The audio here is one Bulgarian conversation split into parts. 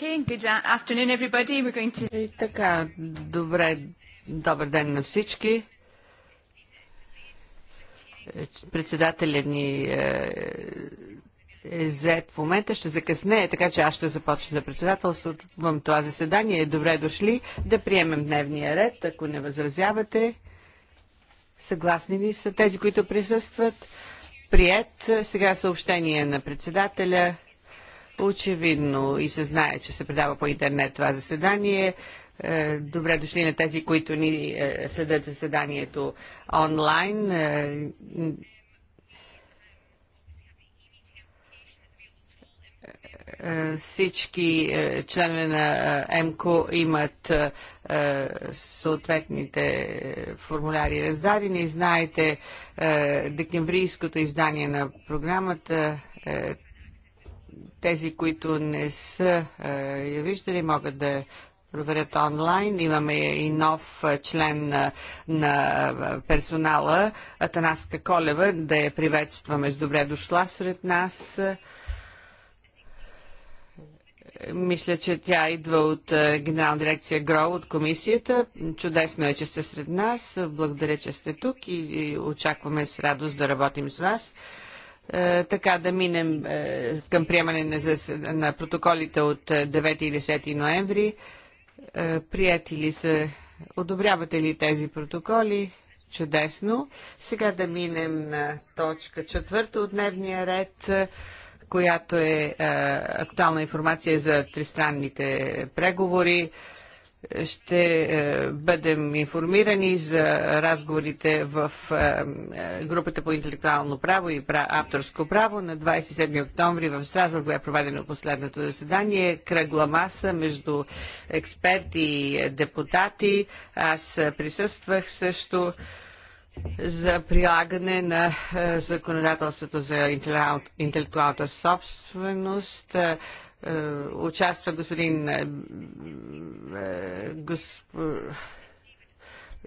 Okay, good afternoon everybody. We're going to... И така, добре, добър ден на всички. Е, председателят ни е, е зет в момента, ще закъснее, така че аз ще започна председателството в това заседание. Добре дошли да приемем дневния ред, ако не възразявате. Съгласни ли са тези, които присъстват? Прият. Сега съобщение на председателя. Очевидно и се знае, че се предава по интернет това заседание. Е, добре дошли на тези, които ни е, следят заседанието онлайн. Е, всички членове на МКО имат съответните формуляри раздадени. Знаете, декемврийското издание на програмата тези, които не са е, я виждали, могат да проверят онлайн. Имаме и нов е, член на, на е, персонала, Атанаска Колева, да я приветстваме с добре дошла сред нас. Мисля, че тя идва от Генерална дирекция ГРО, от комисията. Чудесно е, че сте сред нас. Благодаря, че сте тук и очакваме с радост да работим с вас. Е, така да минем е, към приемане на, на протоколите от 9 е, и 10 ноември. Прияти ли са, одобрявате ли тези протоколи? Чудесно. Сега да минем на точка четвърта от дневния ред, която е актуална информация за тристранните преговори ще е, бъдем информирани за разговорите в е, е, групата по интелектуално право и авторско право на 27 октомври в Страсбург е проведено последното заседание. Кръгла маса между експерти и депутати. Аз присъствах също за прилагане на законодателството за интелектуалната собственост. Е, участва господин е, е, госп...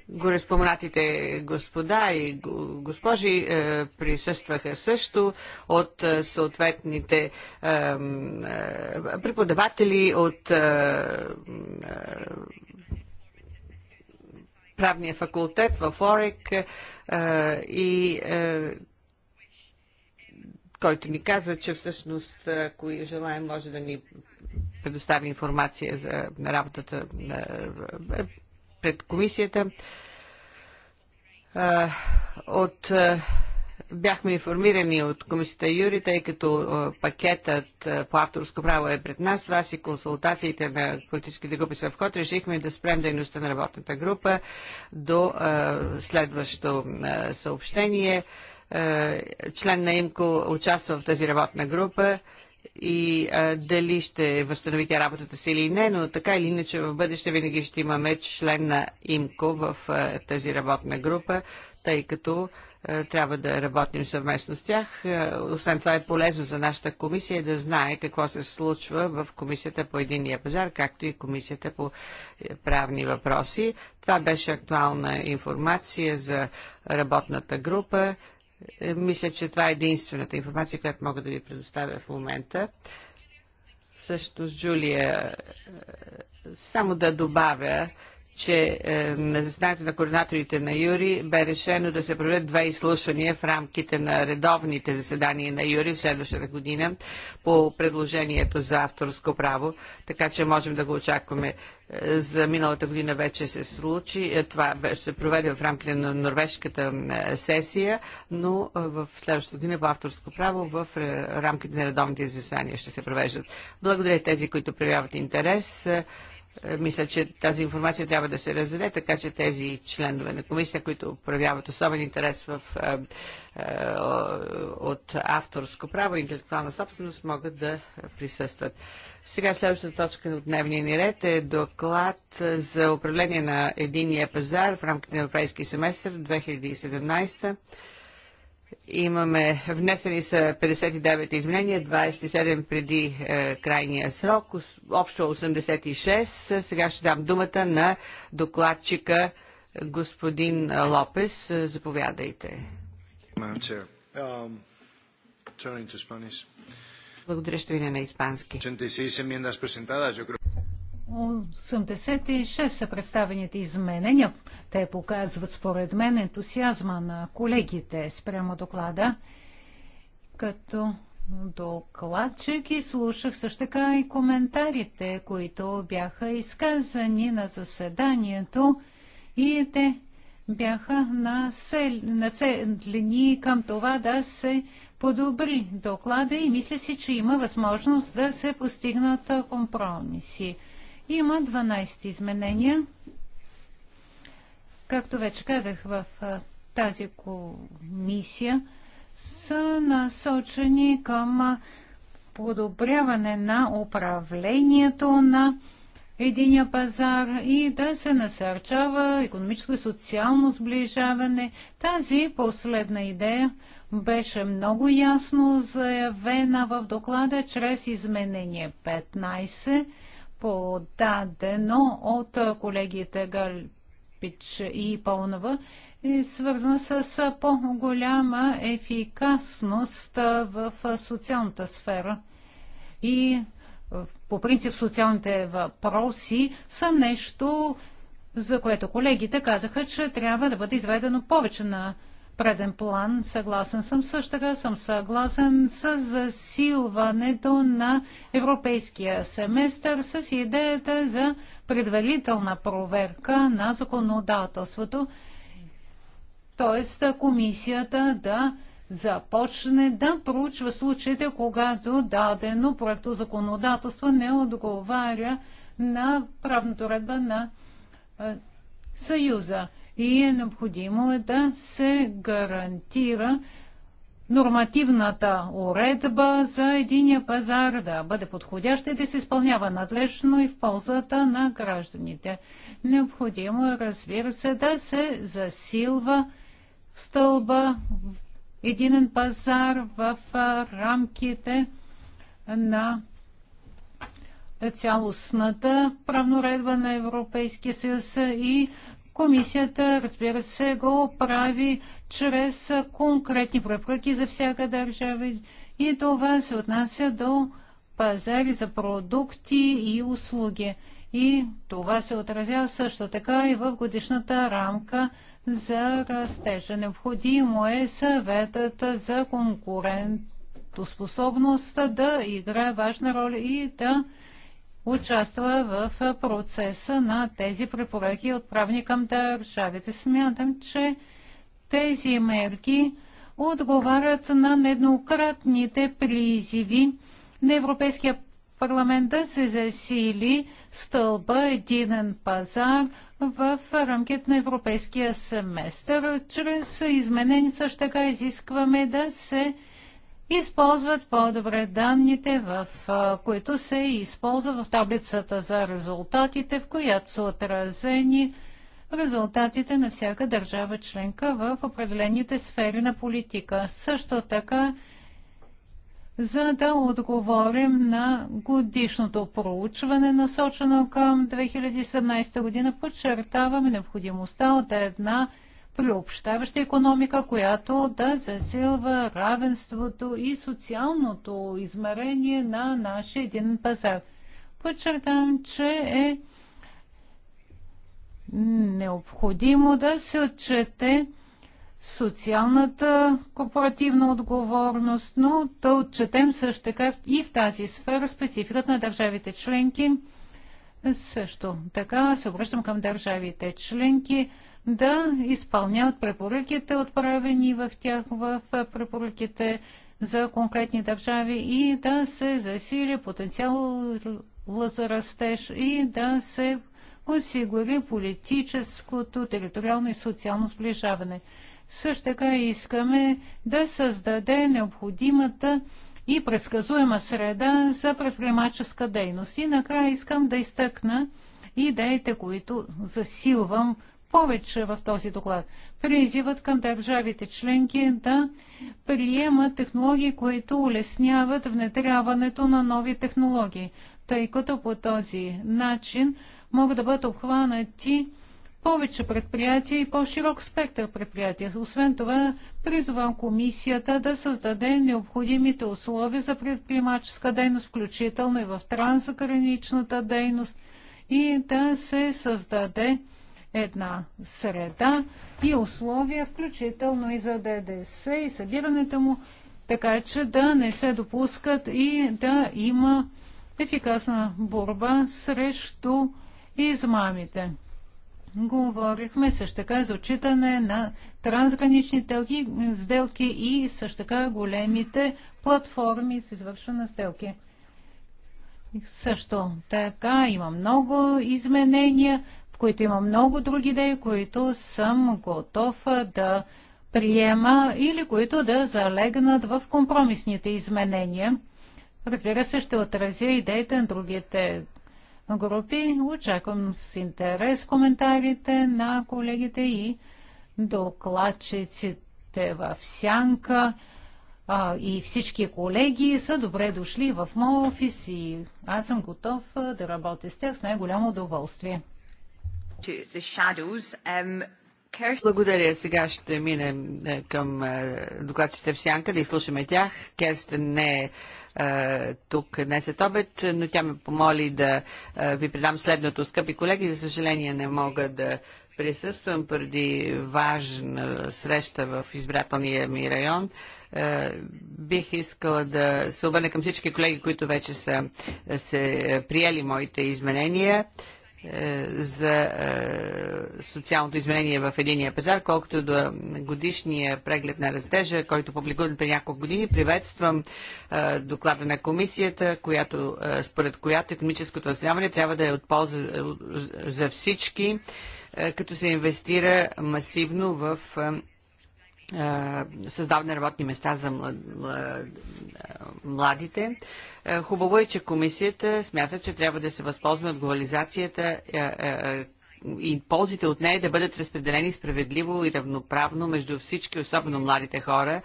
гореспоменатите господа и госпожи присъстваха също от съответните преподаватели от правния факултет в Орек и който ни каза, че всъщност, ако желаем, може да ни предостави информация за работата пред комисията. От бяхме информирани от комисията Юри, тъй като пакетът по авторско право е пред нас. Вас и консултациите на политическите групи са в ход. Решихме да спрем дейността на работната група до следващо съобщение. Е, член на ИМКО участва в тази работна група и а, е, дали ще възстановите работата си или не, но така или иначе в бъдеще винаги ще имаме член на ИМКО в а, е, тази работна група, тъй като а, трябва да работим съвместно с тях. А, освен това е полезно за нашата комисия да знае какво се случва в комисията по единия пазар, както и комисията по правни въпроси. Това беше актуална информация за работната група. Е, мисля, че това е единствената информация, която мога да ви предоставя в момента. Също с Джулия, е, само да добавя, че е, на заседанието на координаторите на Юри бе решено да се проведат две изслушвания в рамките на редовните заседания на Юри в следващата година по предложението за авторско право, така че можем да го очакваме. Е, за миналата година вече се случи. Е, това се проведе в рамките на норвежката е, сесия, но в следващата година по авторско право в рамките на редовните заседания ще се провеждат. Благодаря тези, които проявяват интерес. Е, мисля, че тази информация трябва да се раздаде, така че тези членове на комисия, които проявяват особен интерес в, е, е, от авторско право и интелектуална собственост, могат да присъстват. Сега следващата точка от дневния ни ред е доклад за управление на единия пазар в рамките на Европейски семестър 2017. Имаме, внесени са 59 изменения, 27 преди е, крайния срок, общо 86. Сега ще дам думата на докладчика господин Лопес. Заповядайте. Um, Благодаря, ще ви на испански. 86 са представените изменения. Те показват, според мен, ентусиазма на колегите спрямо доклада. Като докладчик и слушах също така и коментарите, които бяха изказани на заседанието и те бяха нацелени към това да се подобри доклада и мисля си, че има възможност да се постигнат компромиси. Има 12 изменения. Както вече казах, в тази комисия са насочени към подобряване на управлението на единия пазар и да се насърчава економическо и социално сближаване. Тази последна идея беше много ясно заявена в доклада чрез изменение 15 подадено от колегите Галпич и Пълнова е свързана с по-голяма ефикасност в социалната сфера. И е, по принцип социалните въпроси са нещо, за което колегите казаха, че трябва да бъде изведено повече на преден план. Съгласен съм също така, съм съгласен с засилването на европейския семестър с идеята за предварителна проверка на законодателството, т.е. комисията да започне да проучва случаите, когато дадено проекто законодателство не отговаря на правната редба на е, Съюза и е необходимо да се гарантира нормативната уредба за единия пазар да бъде подходяща и да се изпълнява надлежно и в ползата на гражданите. Необходимо е, разбира се, да се засилва в стълба единен пазар в рамките на цялостната правноредба на Европейския съюз и Комисията, разбира се, го прави чрез конкретни препоръки за всяка държава и това се отнася до пазари за продукти и услуги. И това се отразява също така и в годишната рамка за растежа. Необходимо е съветът за конкурентоспособността да играе важна роля и да участва в процеса на тези препоръки, отправни към държавите. Смятам, че тези мерки отговарят на нееднократните призиви на Европейския парламент да се засили стълба единен пазар в рамките на европейския семестър. Чрез изменени също така изискваме да се използват по-добре данните, в които се използва в таблицата за резултатите, в която са отразени резултатите на всяка държава членка в определените сфери на политика. Също така, за да отговорим на годишното проучване, насочено към 2017 година, подчертаваме необходимостта от една приобщаваща економика, която да засилва равенството и социалното измерение на нашия един пазар. Подчертавам, че е необходимо да се отчете социалната корпоративна отговорност, но да отчетем също така и в тази сфера спецификата на държавите членки. Също така се обръщам към държавите членки да изпълняват препоръките, отправени в тях в препоръките за конкретни държави и да се засили потенциал за растеж и да се осигури политическото, териториално и социално сближаване. Също така искаме да създаде необходимата и предсказуема среда за предприемаческа дейност. И накрая искам да изтъкна идеите, които засилвам повече в този доклад. Призивът към държавите членки е да приемат технологии, които улесняват внедряването на нови технологии, тъй като по този начин могат да бъдат обхванати повече предприятия и по-широк спектър предприятия. Освен това, призовам комисията да създаде необходимите условия за предприемаческа дейност, включително и в трансграничната дейност, и да се създаде една среда и условия, включително и за ДДС и събирането му, така че да не се допускат и да има ефикасна борба срещу измамите. Говорихме също така за отчитане на трансгранични телки, сделки и също така големите платформи с извършване на сделки. Също така има много изменения които има много други идеи, които съм готов да приема или които да залегнат в компромисните изменения. Разбира се, ще отразя идеите на другите групи. Очаквам с интерес коментарите на колегите и докладчиците в сянка а, и всички колеги са добре дошли в моят офис и аз съм готов да работя с тях с най-голямо удоволствие. Um, Благодаря. Сега ще минем е, към е, докладчите в сянка, да изслушаме тях. Керстен не е, е тук днес е обед, но тя ме помоли да ви предам следното. Скъпи колеги, за съжаление не мога да присъствам преди важна среща в избирателния ми район. Бих искала да се обърна към всички колеги, които вече са се приели моите изменения. Е, за е, социалното изменение в единия пазар, колкото до годишния преглед на растежа, който публикуван при няколко години. Приветствам е, доклада на комисията, която, според която економическото населяване трябва да е от полза за всички, като се инвестира масивно в създаване работни места за младите. Хубаво е, че комисията смята, че трябва да се възползва от глобализацията и ползите от нея да бъдат разпределени справедливо и равноправно между всички, особено младите хора.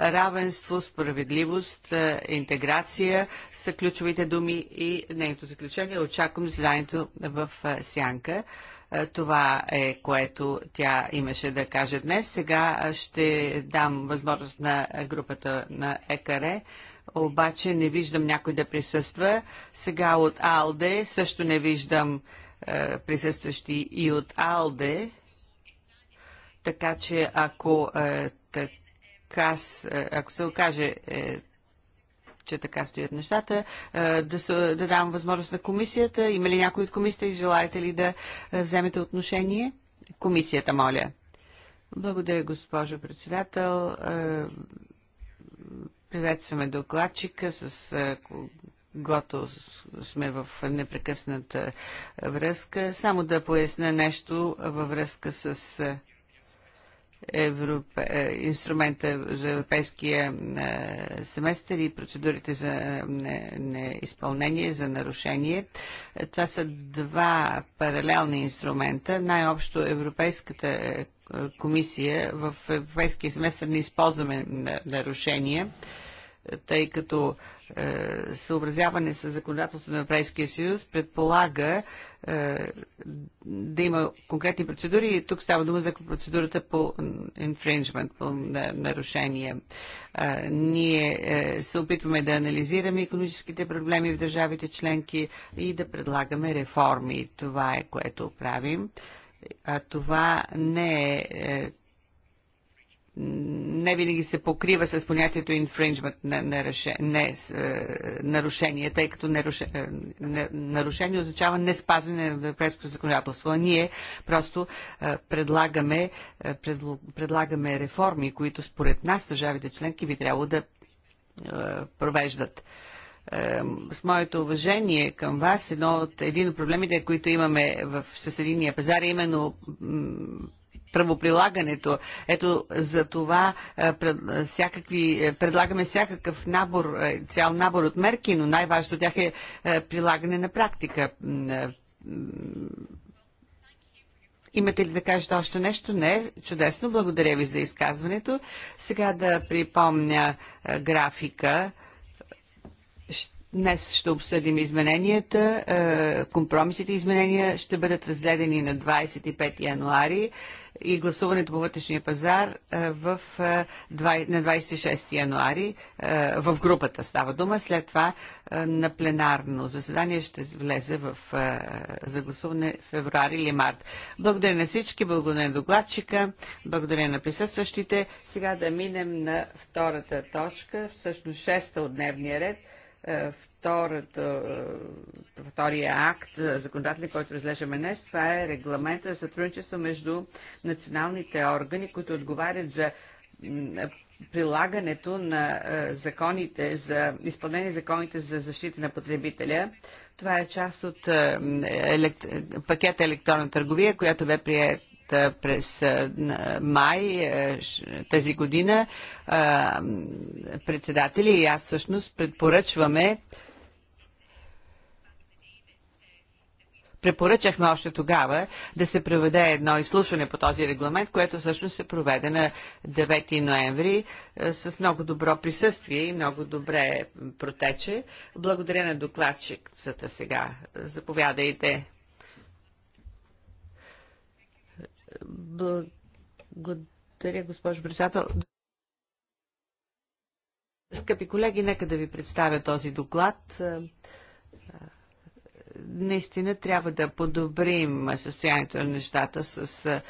Равенство, справедливост, интеграция са ключовите думи и нейното заключение. Очаквам заседанието в Сянка. Е, това е което тя имаше да каже днес. Сега ще дам възможност на групата на ЕКАРЕ обаче не виждам някой да присъства. Сега от Алде също не виждам е, присъстващи и от Алде. Така че ако, е, така, ако се окаже че така стоят нещата. Е, да, са, да дам възможност на комисията. Има ли някой от комисията и желаете ли да е, вземете отношение? Комисията, моля. Благодаря, госпожо председател. Е, приветстваме докладчика, с когато сме в непрекъсната връзка. Само да поясня нещо във връзка с Европе, инструмента за европейския е, семестър и процедурите за е, неизпълнение, за нарушение. Е, това са два паралелни инструмента. Най-общо Европейската комисия в Европейския семестър не използваме нарушения, тъй като е, съобразяване с законодателството на Европейския съюз предполага е, да има конкретни процедури и тук става дума за процедурата по инфринджмент, по нарушение. Е, ние се опитваме да анализираме економическите проблеми в държавите членки и да предлагаме реформи. Това е което правим. А това не е не винаги се покрива с понятието infringement на, на, не, е, нарушение, тъй като нарушение, нарушение означава не спазване на европейското законодателство. А ние просто е, предлагаме, е, предлагаме реформи, които според нас държавите членки би трябвало да провеждат с моето уважение към вас, едно от един от проблемите, които имаме в съсединия пазар, е именно правоприлагането. Ето за това е, е, всякакви, е, предлагаме всякакъв набор, цял набор от мерки, но най-важното тях е прилагане на практика. Имате ли да кажете още нещо? Не. Чудесно. Благодаря ви за изказването. Сега да припомня графика. Днес ще обсъдим измененията. Компромисите и изменения ще бъдат разгледани на 25 януари и гласуването по вътрешния пазар е, в, е, на 26 януари е, в групата става дума. След това на пленарно заседание ще влезе в, за гласуване февруари или март. Благодаря на всички, благодаря на докладчика, благодаря на присъстващите. Сега да минем на втората точка, всъщност шеста от дневния ред – е, втората, е, втория акт, е, законодателен, който разглеждаме днес, това е регламента за сътрудничество между националните органи, които отговарят за прилагането на законите за изпълнение законите за защита на потребителя. Това е част от пакета електронна търговия, която бе прият през май тази година председатели и аз всъщност предпоръчваме препоръчахме още тогава да се проведе едно изслушване по този регламент, което всъщност се проведе на 9 ноември с много добро присъствие и много добре протече. Благодаря на докладчицата сега. Заповядайте. Благодаря, госпожо председател. Скъпи колеги, нека да ви представя този доклад. Наистина трябва да подобрим състоянието на нещата с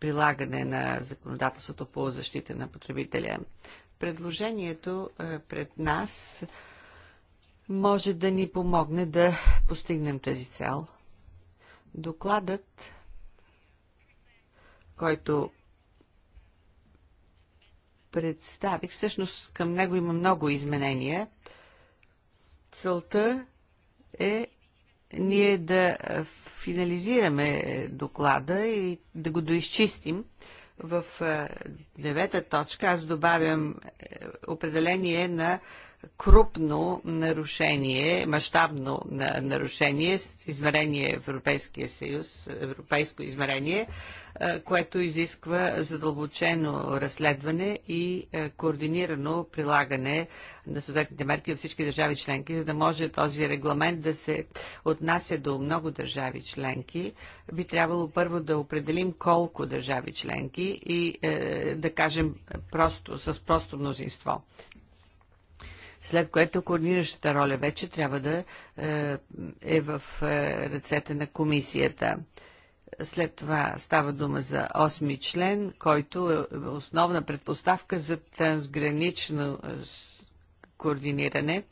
прилагане на законодателството по защита на потребителя. Предложението пред нас може да ни помогне да постигнем тази цел. Докладът който представих. Всъщност към него има много изменения. Целта е ние да финализираме доклада и да го доизчистим. В девета точка аз добавям е, определение на крупно нарушение, мащабно нарушение, измерение Европейския съюз, европейско измерение, което изисква задълбочено разследване и координирано прилагане на съответните мерки във всички държави членки, за да може този регламент да се отнася до много държави членки. Би трябвало първо да определим колко държави членки и е, да кажем просто, с просто мнозинство след което координиращата роля вече трябва да е, е в е, ръцете на комисията. След това става дума за 8 член, който е основна предпоставка за трансгранично е, координиране,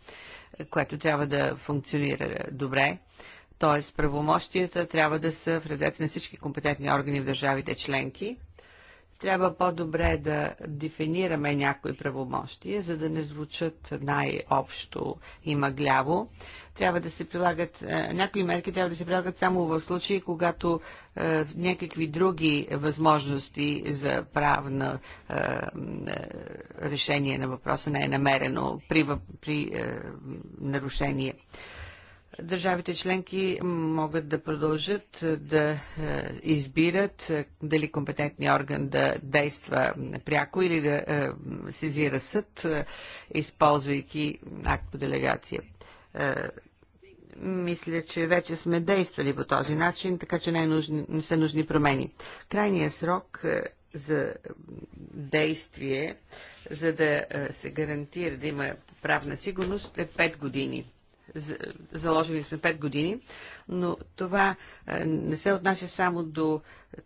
което трябва да функционира добре. Т.е. правомощията трябва да са в ръцете на всички компетентни органи в държавите членки трябва по-добре да дефинираме някои правомощия, за да не звучат най-общо и мъгляво. Трябва да се прилагат, е, някои мерки трябва да се прилагат само в случаи, когато е, някакви други възможности за правна е, е решение на въпроса не е намерено при, при е, нарушение. Държавите членки могат да продължат да е, избират е, дали компетентния орган да действа пряко или да е, сезира съд, използвайки акт по делегация. Мисля, че вече сме действали по този начин, така че не, е нужни, не са нужни промени. Крайният срок за действие, за да се гарантира да има правна сигурност, е 5 години заложили сме 5 години, но това е, не се отнася само до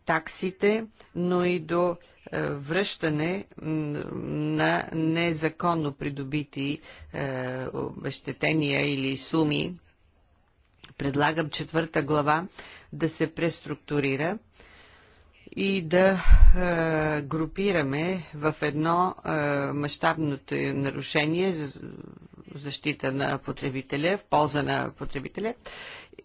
таксите, но и до е, връщане на незаконно придобити е, обещетения или суми. Предлагам четвърта глава да се преструктурира и да групираме в едно мащабното нарушение, защита на потребителя, в полза на потребителя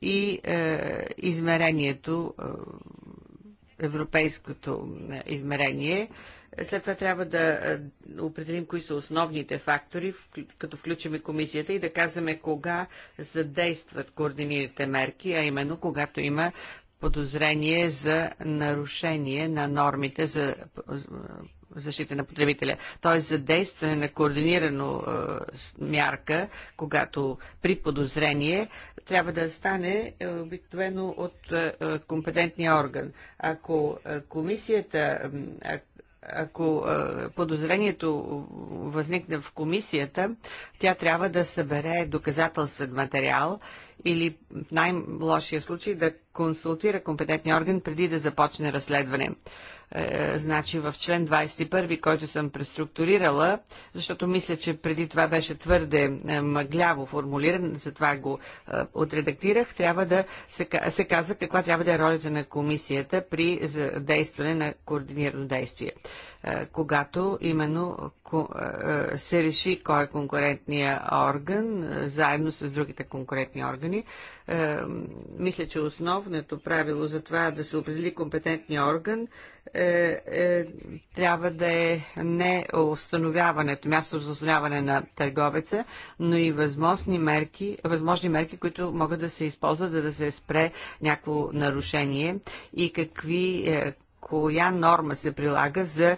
и е, измерението, е, европейското е, измерение. След това трябва да е, определим кои са основните фактори, като включим комисията и да казваме кога задействат координираните мерки, а именно когато има подозрение за нарушение на нормите за е, защита на потребителя. Т.е. за действане на координирано е, мярка, когато при подозрение, трябва да стане е, обикновено от е, е компетентния орган. Ако е, комисията. Е, ако подозрението възникне в комисията, тя трябва да събере доказателствен материал или в най-лошия случай да консултира компетентния орган преди да започне разследване е, значи в член 21, който съм преструктурирала, защото мисля, че преди това беше твърде е, мъгляво формулиран, затова го е, отредактирах, трябва да се, се казва каква трябва да е ролята на комисията при действане на координирано действие. Е, когато именно ко, е, е, се реши кой е конкурентния орган, е, заедно с другите конкурентни органи, е, мисля, че основното правило за това е да се определи компетентния орган, е, е, трябва да е не установяването, място за установяване на търговеца, но и възможни мерки, възможни мерки, които могат да се използват, за да се спре някакво нарушение и какви, е, коя норма се прилага за е,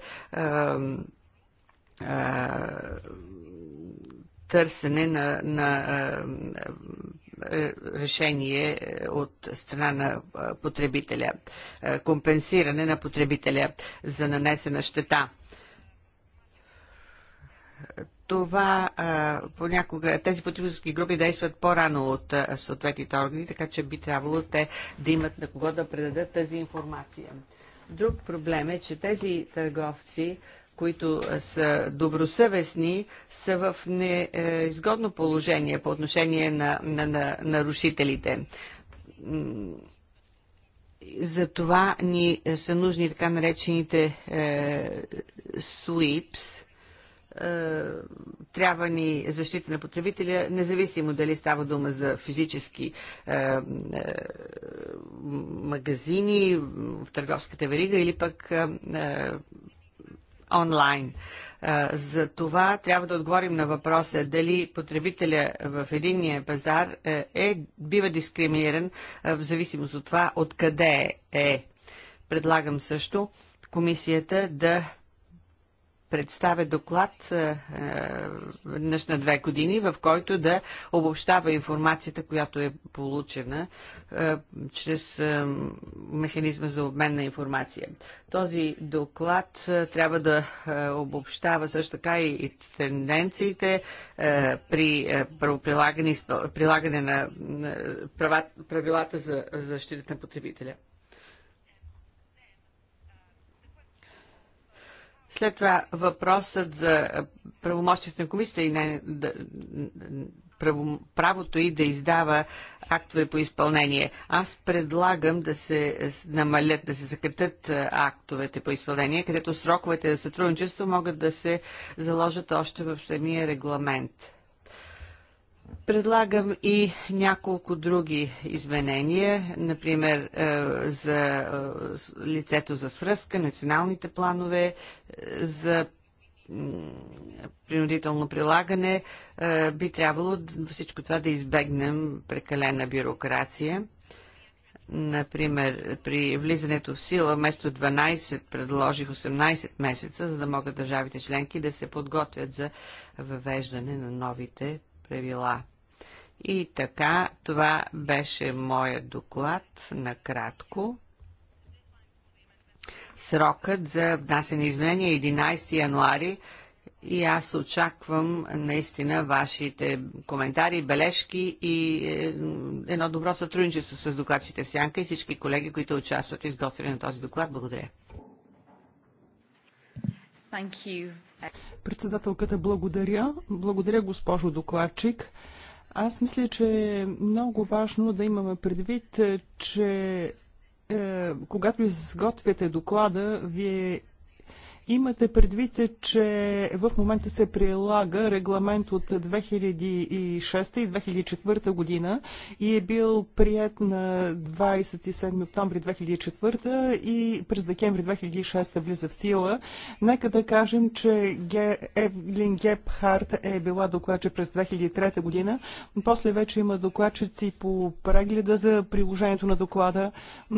е, търсене на, на, на е, е, решение от страна на е, потребителя, е, компенсиране на потребителя за нанесена щета. Това понякога тези потребителски групи действат по-рано от съответните органи, така че би трябвало те да имат на кого да предадат тази информация. Друг проблем е, че тези търговци които са добросъвестни, са в неизгодно положение по отношение на, на, на нарушителите. За това ни са нужни така наречените е, sweeps. Е, трябва ни защита на потребителя, независимо дали става дума за физически е, е, магазини в търговската верига или пък е, е онлайн. За това трябва да отговорим на въпроса дали потребителя в единния пазар е, е бива дискриминиран в зависимост от това откъде е. Предлагам също комисията да представя доклад е, е, веднъж на две години, в който да обобщава информацията, която е получена е, чрез механизма за обмен на информация. Този доклад трябва да обобщава също така и тенденциите при прилагане на правилата за защита на потребителя. След това въпросът за правомощите на комисията и не, да, право, правото и да издава актове по изпълнение. Аз предлагам да се намалят, да се съкратят актовете по изпълнение, където сроковете за сътрудничество могат да се заложат още в самия регламент. Предлагам и няколко други изменения, например е, за е, лицето за свръзка, националните планове е, за принудително прилагане. Би трябвало всичко това да избегнем прекалена бюрокрация. Например, при влизането в сила вместо 12 предложих 18 месеца, за да могат държавите членки да се подготвят за въвеждане на новите правила. И така, това беше моят доклад накратко. Срокът за внасяне изменения е 11 януари и аз очаквам наистина вашите коментари, бележки и е, едно добро сътрудничество с докладчите в Сянка и всички колеги, които участват в изготвяне на този доклад. Благодаря. Thank you Председателката, благодаря. Благодаря, госпожо докладчик. Аз мисля, че е много важно да имаме предвид, че е, когато изготвяте доклада, вие Имате предвид, че в момента се прилага регламент от 2006 и 2004 година и е бил прият на 27 октомври 2004 и през декември 2006 влиза в сила. Нека да кажем, че Евлин Гепхарт е била докладче през 2003 година. После вече има докладчици по прегледа за приложението на доклада.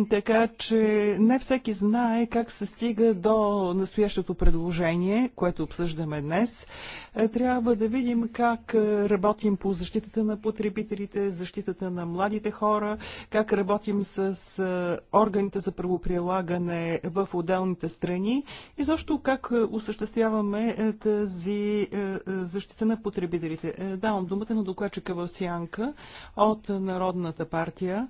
Така че не всеки знае как се стига до настоящето нашето предложение, което обсъждаме днес. Е, трябва да видим как е, работим по защитата на потребителите, защитата на младите хора, как работим с е, органите за правоприлагане в отделните страни и защо как осъществяваме тази защита на потребителите. Давам думата на докладчика в Сянка от Народната партия.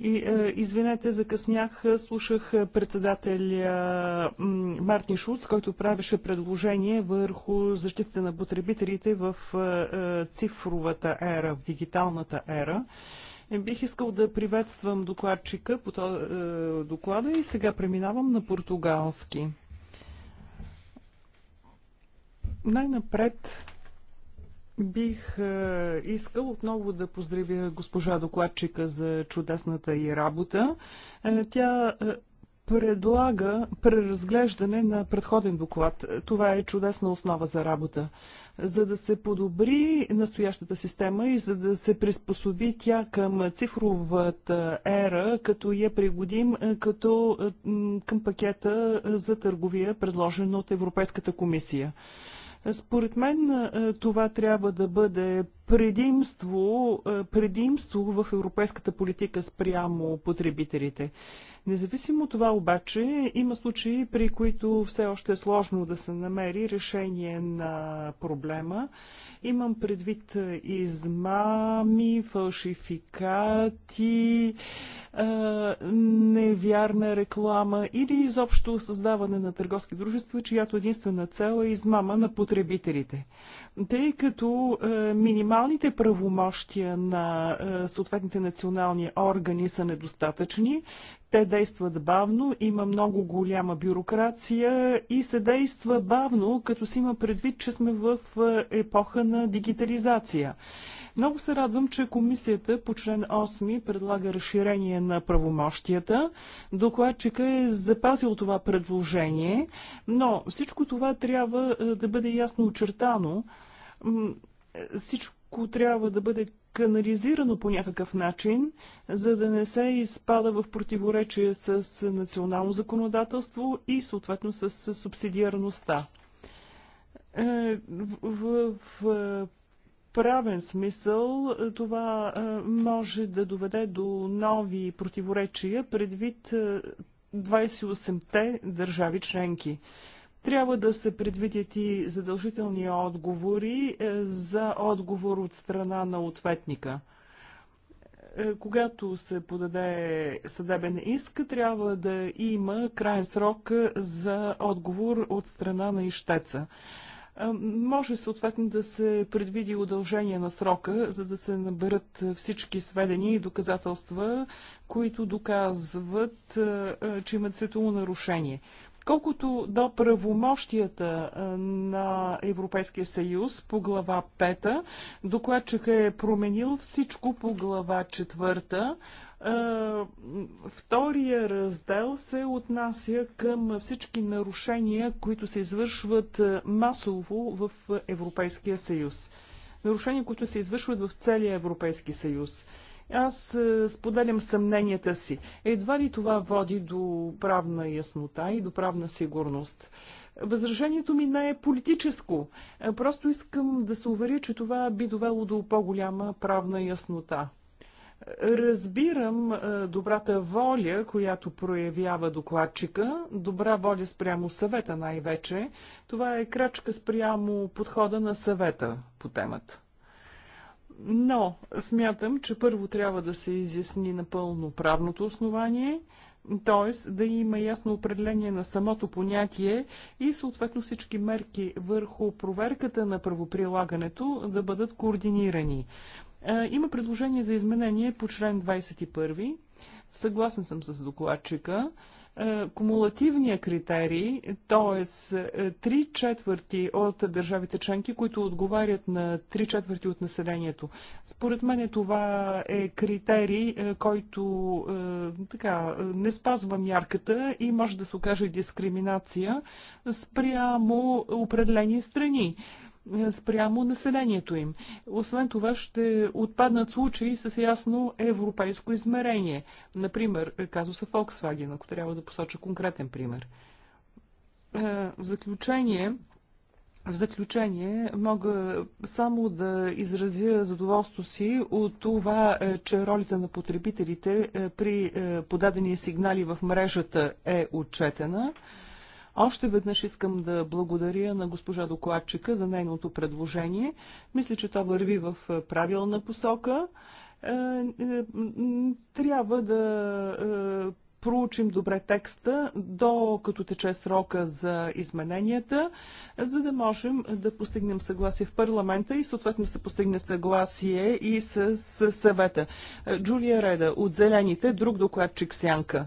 И, извинете, закъснях, слушах председателя Мартин Шуц, с който правеше предложение върху защита на потребителите в е, е, цифровата ера, в дигиталната ера. Бих искал да приветствам докладчика по е, доклада и сега преминавам на португалски. Най-напред бих искал отново да поздравя госпожа докладчика за чудесната й работа. тя предлага преразглеждане на предходен доклад. Това е чудесна основа за работа. За да се подобри настоящата система и за да се приспособи тя към цифровата ера, като я пригодим е, като е, към пакета за търговия, предложен от Европейската комисия. Според мен е, това трябва да бъде предимство, е, предимство в европейската политика спрямо потребителите. Независимо от това обаче, има случаи, при които все още е сложно да се намери решение на проблема. Имам предвид е, измами, фалшификати, е, невярна реклама или изобщо създаване на търговски дружества, чиято единствена цел е измама на потребителите тъй като е, минималните правомощия на е, съответните национални органи са недостатъчни, те действат бавно, има много голяма бюрокрация и се действа бавно, като си има предвид, че сме в е, епоха на дигитализация. Много се радвам, че комисията по член 8 предлага разширение на правомощията. Докладчика е запазил това предложение, но всичко това трябва да бъде ясно очертано, всичко трябва да бъде канализирано по някакъв начин, за да не се изпада в противоречие с национално законодателство и съответно с субсидиарността. Е, в, в правен смисъл е, това е, може да доведе до нови противоречия предвид 28-те държави членки. Трябва да се предвидят и задължителни отговори е, за отговор от страна на ответника е, когато се подаде съдебен иск, трябва да има крайен срок за отговор от страна на ищеца. Е, може съответно да се предвиди удължение на срока, за да се наберат всички сведения и доказателства, които доказват, че имат светово нарушение. Колкото до правомощията на Европейския съюз по глава 5, докладчик е променил всичко по глава 4. Втория раздел се отнася към всички нарушения, които се извършват масово в Европейския съюз. Нарушения, които се извършват в целия Европейски съюз. Аз е, споделям съмненията си. Едва ли това води до правна яснота и до правна сигурност? Възражението ми не е политическо. Е, просто искам да се уверя, че това би довело до по-голяма правна яснота. Разбирам е, добрата воля, която проявява докладчика, добра воля спрямо съвета най-вече. Това е крачка спрямо подхода на съвета по темата. Но смятам, че първо трябва да се изясни напълно правното основание, т.е. да има ясно определение на самото понятие и съответно всички мерки върху проверката на правоприлагането да бъдат координирани. Има предложение за изменение по член 21. Съгласен съм с докладчика. Е, кумулативния критерий, т.е. три четвърти от държавите членки, които отговарят на три четвърти от населението. Според мен това е критерий, е, който е, така, не спазва мярката и може да се окаже дискриминация спрямо определени страни. Е, спрямо населението им. Освен това ще отпаднат случаи с ясно европейско измерение. Например, е, казуса Volkswagen, ако трябва да посоча конкретен пример. Е, в заключение, в заключение мога само да изразя задоволство си от това, че ролята на потребителите при подадени сигнали в мрежата е отчетена. Още веднъж искам да благодаря на госпожа докладчика за нейното предложение. Мисля, че то върви в правилна посока. Е, е, трябва да е, проучим добре текста, докато тече срока за измененията, за да можем да постигнем съгласие в парламента и съответно се постигне съгласие и с, с съвета. Джулия Реда от Зелените, друг докладчик Сянка.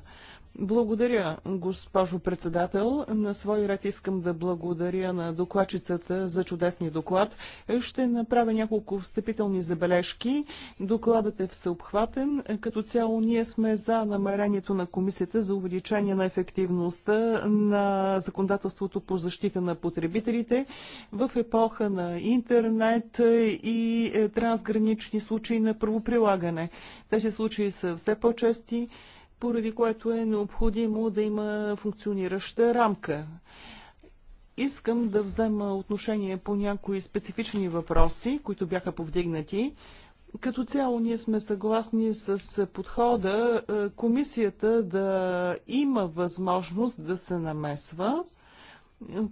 Благодаря, госпожо председател. На свой ред искам да благодаря на докладчицата за чудесния доклад. Ще направя няколко встъпителни забележки. Докладът е всеобхватен. Като цяло ние сме за намерението на комисията за увеличение на ефективността на законодателството по защита на потребителите в епоха на интернет и е, трансгранични случаи на правоприлагане. Тези случаи са все по-чести поради което е необходимо да има функционираща рамка. Искам да взема отношение по някои специфични въпроси, които бяха повдигнати. Като цяло ние сме съгласни с подхода е, комисията да има възможност да се намесва,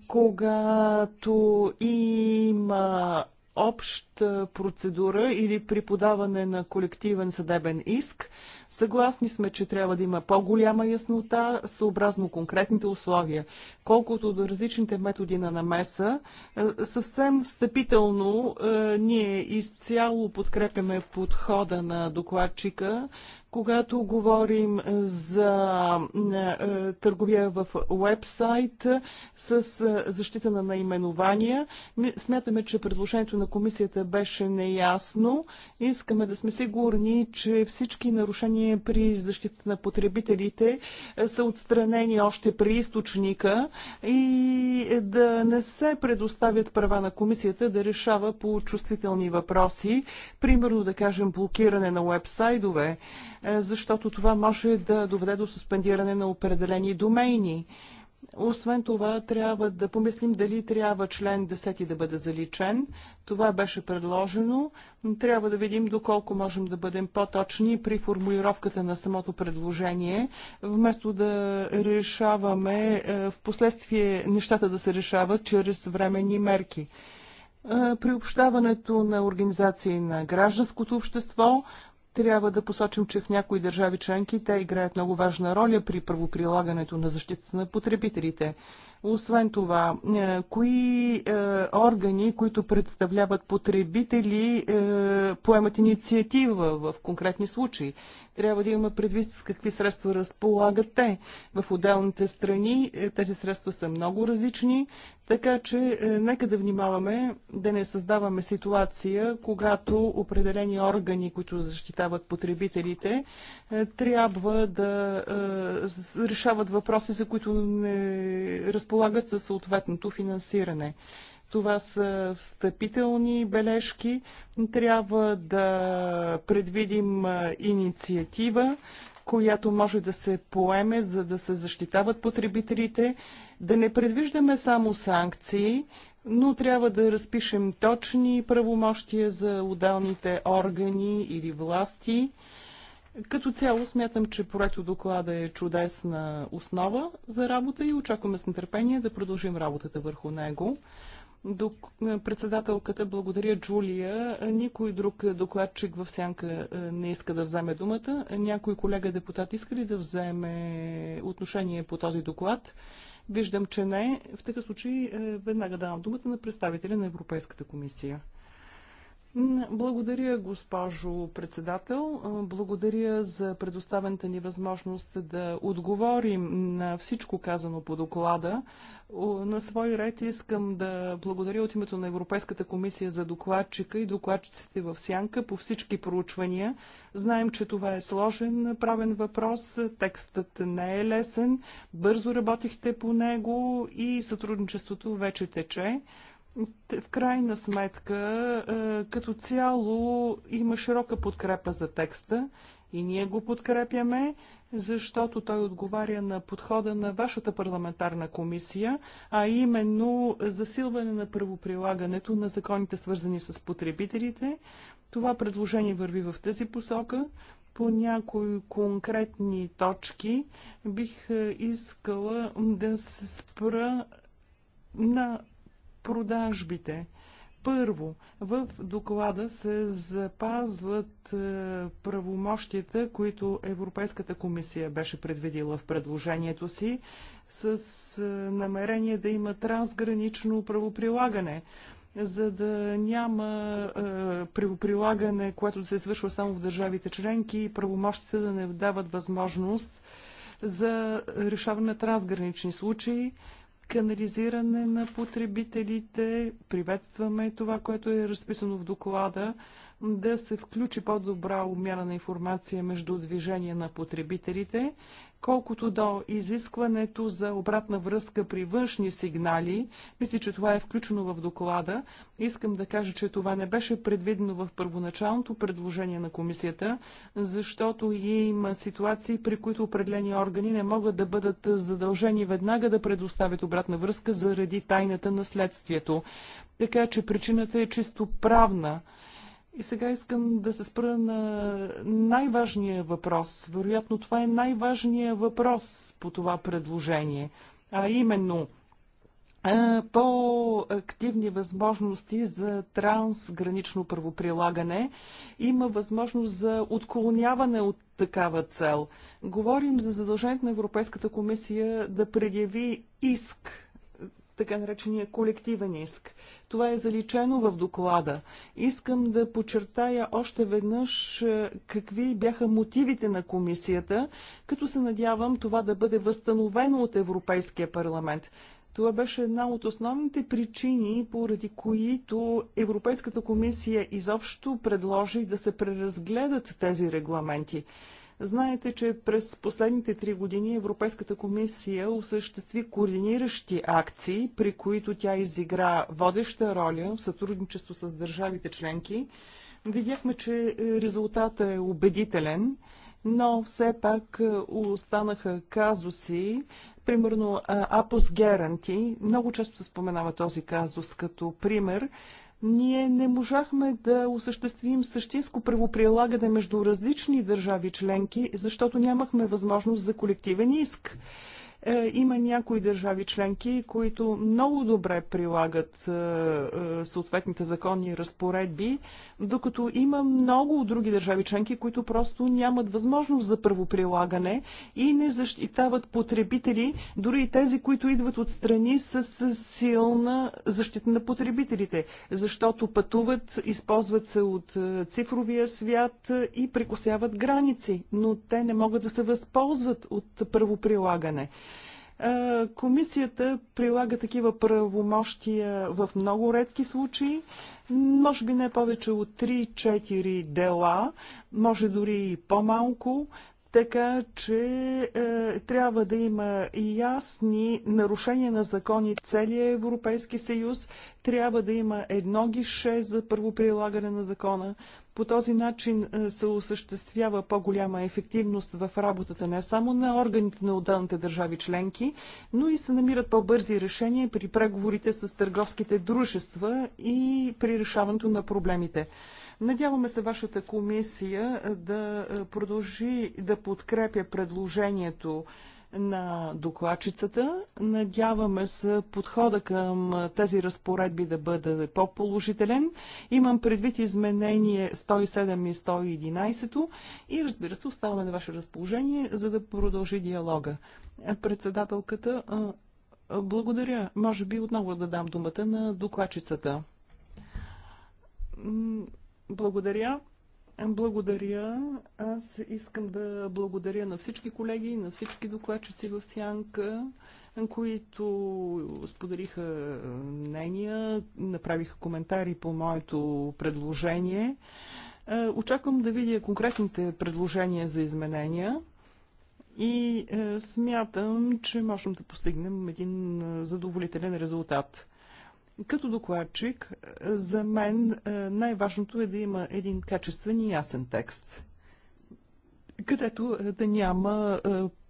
когато има обща процедура или при подаване на колективен съдебен иск – Съгласни сме, че трябва да има по-голяма яснота, съобразно конкретните условия. Колкото до различните методи на намеса, е, съвсем встъпително е, ние изцяло подкрепяме подхода на докладчика, когато говорим за е, е, търговия в уебсайт е, с защита на наименования, смятаме, че предложението на комисията беше неясно. Искаме да сме сигурни, че всички нарушения при защита на потребителите са отстранени още при източника и да не се предоставят права на комисията да решава по чувствителни въпроси, примерно да кажем блокиране на уебсайдове. Е, защото това може да доведе до суспендиране на определени домейни. Освен това, трябва да помислим дали трябва член 10 да бъде заличен. Това беше предложено. Трябва да видим доколко можем да бъдем по-точни при формулировката на самото предложение, вместо да решаваме е, в последствие нещата да се решават чрез временни мерки. Е, приобщаването на организации на гражданското общество – трябва да посочим, че в някои държави членки те играят много важна роля при правоприлагането на защита на потребителите. Освен това, е, кои е, органи, които представляват потребители, е, поемат инициатива в конкретни случаи? трябва да има предвид с какви средства разполагат те. В отделните страни е, тези средства са много различни, така че е, нека да внимаваме да не създаваме ситуация, когато определени органи, които защитават потребителите, е, трябва да решават въпроси, за които не разполагат със съответното финансиране. Това са встъпителни бележки. Трябва да предвидим инициатива, която може да се поеме, за да се защитават потребителите. Да не предвиждаме само санкции, но трябва да разпишем точни правомощия за отдалните органи или власти. Като цяло смятам, че проекто доклада е чудесна основа за работа и очакваме с нетърпение да продължим работата върху него. Док... Председателката благодаря Джулия. Никой друг докладчик в сянка е, не иска да вземе думата. Някой колега депутат иска ли да вземе отношение по този доклад? Виждам, че не. В такъв случай е, веднага давам думата на представителя на Европейската комисия. Благодаря, госпожо председател. Е, благодаря за предоставената ни възможност да отговорим на всичко казано по доклада. На свой ред искам да благодаря от името на Европейската комисия за докладчика и докладчиците в Сянка по всички проучвания. Знаем, че това е сложен правен въпрос, текстът не е лесен, бързо работихте по него и сътрудничеството вече тече. В крайна сметка, е, като цяло има широка подкрепа за текста и ние го подкрепяме защото той отговаря на подхода на вашата парламентарна комисия, а именно засилване на правоприлагането на законите свързани с потребителите. Това предложение върви в тази посока. По някои конкретни точки бих е, искала да се спра на продажбите. Първо, в доклада се запазват е, правомощията, които Европейската комисия беше предвидила в предложението си, с е, намерение да има трансгранично правоприлагане за да няма е, правоприлагане, което се свършва само в държавите членки и правомощите да не дават възможност за решаване на трансгранични случаи, канализиране на потребителите. Приветстваме това, което е разписано в доклада да се включи по-добра обмяна на информация между движение на потребителите Колкото до изискването за обратна връзка при външни сигнали, мисля, че това е включено в доклада. Искам да кажа, че това не беше предвидено в първоначалното предложение на комисията, защото има ситуации, при които определени органи не могат да бъдат задължени веднага да предоставят обратна връзка заради тайната на следствието. Така че причината е чисто правна. И сега искам да се спра на най-важния въпрос. Вероятно това е най-важният въпрос по това предложение, а именно по-активни възможности за трансгранично правоприлагане. Има възможност за отклоняване от такава цел. Говорим за задължението на Европейската комисия да предяви иск така наречения колективен иск. Това е заличено в доклада. Искам да подчертая още веднъж е, какви бяха мотивите на комисията, като се надявам това да бъде възстановено от Европейския парламент. Това беше една от основните причини, поради които Европейската комисия изобщо предложи да се преразгледат тези регламенти. Знаете, че през последните три години Европейската комисия осъществи координиращи акции, при които тя изигра водеща роля в сътрудничество с държавите членки. Видяхме, че резултатът е убедителен, но все пак е, останаха казуси. Примерно е, Апос Геранти, много често се споменава този казус като пример, ние не можахме да осъществим същинско правоприлагане между различни държави членки, защото нямахме възможност за колективен иск. Е, има някои държави членки, които много добре прилагат е, е, съответните законни разпоредби, докато има много други държави членки, които просто нямат възможност за правоприлагане и не защитават потребители, дори и тези, които идват от страни с силна защита на потребителите, защото пътуват, използват се от цифровия свят и прекусяват граници, но те не могат да се възползват от правоприлагане. Комисията прилага такива правомощия в много редки случаи, може би не повече от 3-4 дела, може дори и по-малко, така че е, трябва да има ясни нарушения на закони целия Европейски съюз, трябва да има едно гише за първо прилагане на закона. По този начин е, се осъществява по-голяма ефективност в работата не само на органите на отделните държави членки, но и се намират по-бързи решения при преговорите с търговските дружества и при решаването на проблемите. Надяваме се вашата комисия е, да е, продължи да подкрепя предложението на докладчицата. Надяваме се подхода към е, тези разпоредби да бъде по-положителен. Имам предвид изменение 107 и 111 и разбира се оставаме на ваше разположение, за да продължи диалога. Председателката, благодаря. Може би отново да дам думата на докладчицата. Благодаря. Благодаря. Аз искам да благодаря на всички колеги, на всички докладчици в Сянка, които споделиха мнения, направиха коментари по моето предложение. Очаквам да видя конкретните предложения за изменения и смятам, че можем да постигнем един задоволителен резултат. Като докладчик, е, за мен е, най-важното е да има един качествен и ясен текст, където е, да няма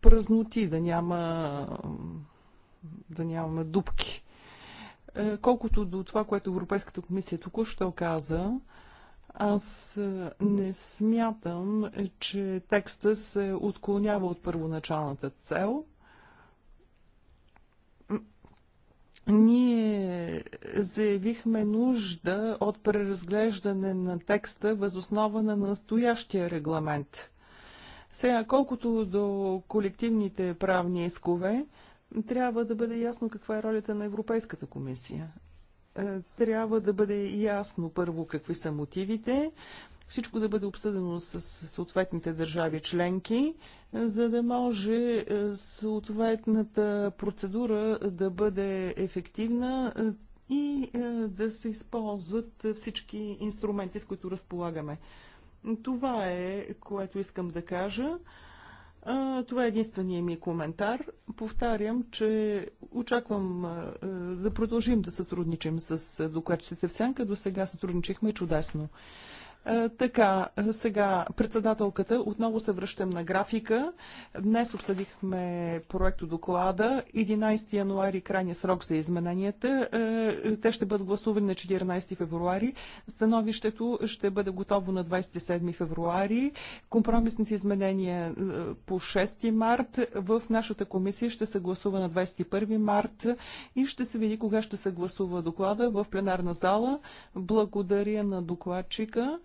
празноти, да няма да няма дупки. Колкото до това, което Европейската комисия току-що каза, аз не смятам, че текста се отклонява от първоначалната цел – Ние заявихме нужда от преразглеждане на текста възоснова на настоящия регламент. Сега, колкото до колективните правни искове, трябва да бъде ясно каква е ролята на Европейската комисия. Е, трябва да бъде ясно първо какви са мотивите, всичко да бъде обсъдено с съответните държави членки за да може е, съответната процедура да бъде ефективна е, и е, да се използват всички инструменти, с които разполагаме. Това е, което искам да кажа. Това е единствения ми коментар. Повтарям, че очаквам да продължим да сътрудничим с докладчиците в Сянка. До сега сътрудничихме чудесно. Е, така, е, сега председателката, отново се връщам на графика. Днес обсъдихме проекто доклада. 11 януари крайния срок за измененията. Е, те ще бъдат гласувани на 14 февруари. Становището ще бъде готово на 27 февруари. Компромисните изменения по 6 март. В нашата комисия ще се гласува на 21 март и ще се види кога ще се гласува доклада в пленарна зала. Благодаря на докладчика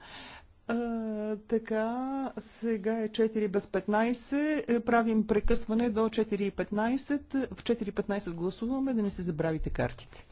така, сега е 4 без 15. Е, правим прекъсване до 4.15. В 4.15 гласуваме, да не се забравите картите.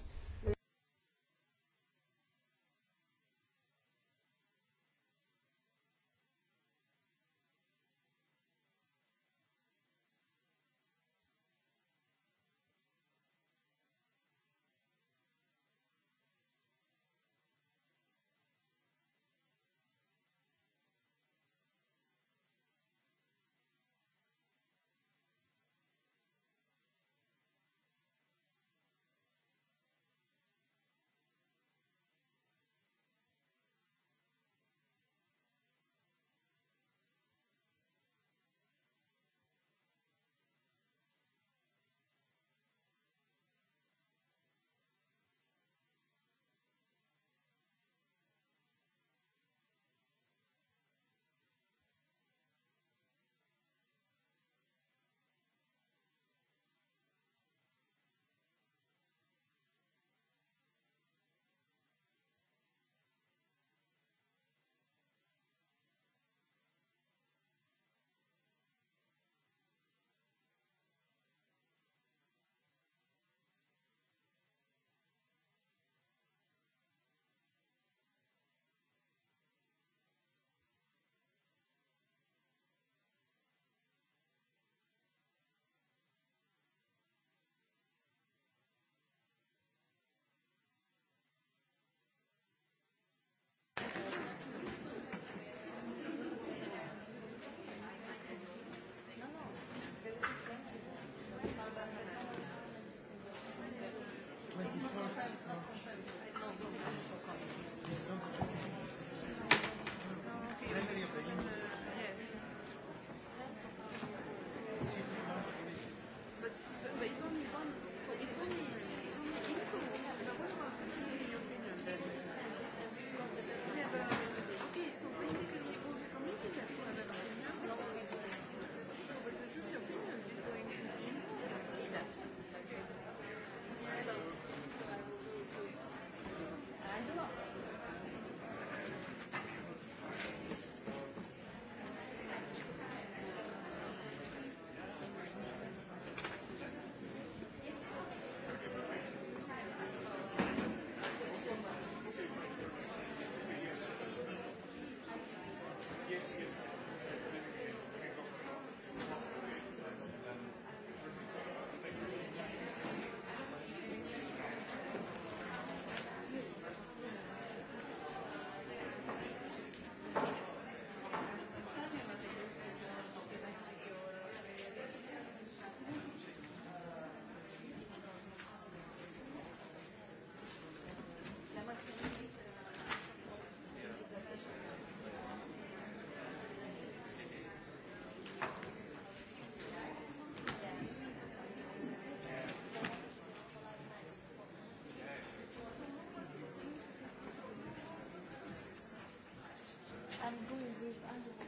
I'm going with Andrew.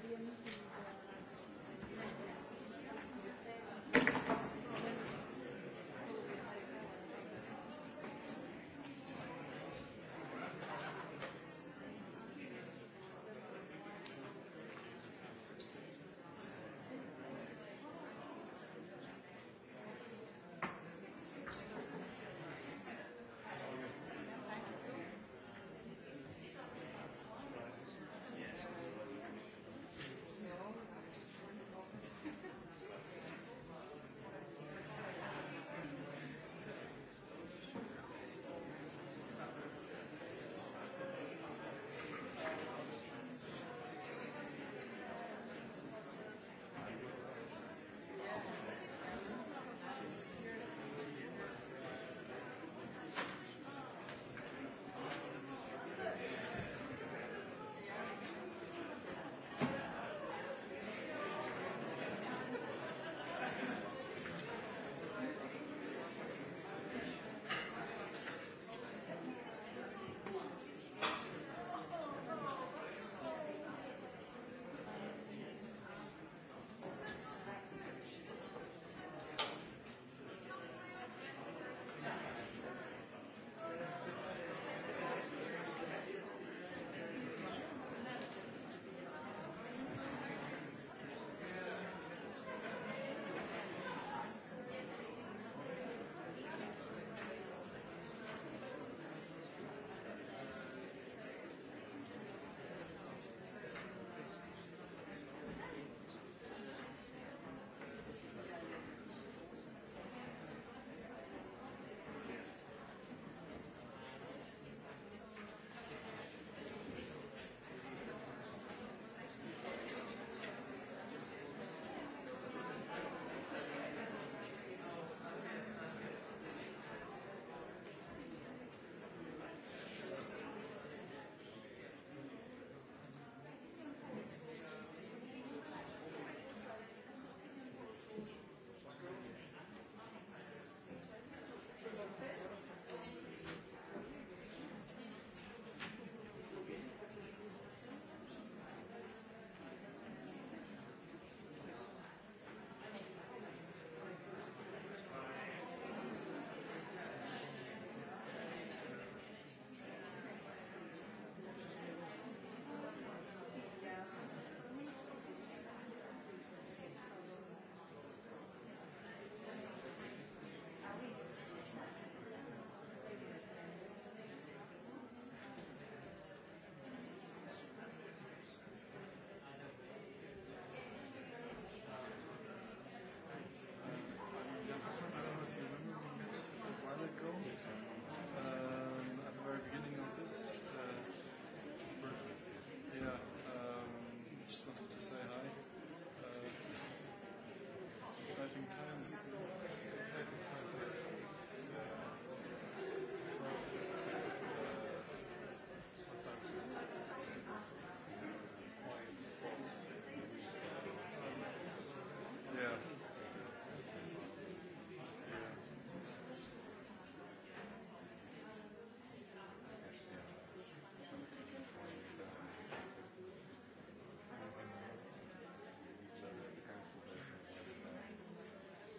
flashing times.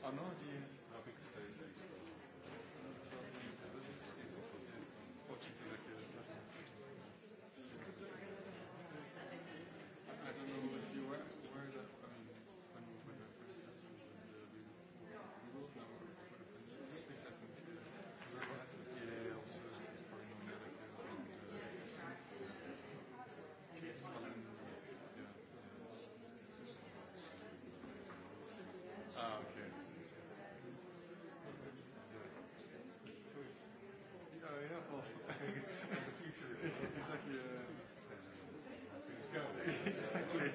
Ah non, die Exactly.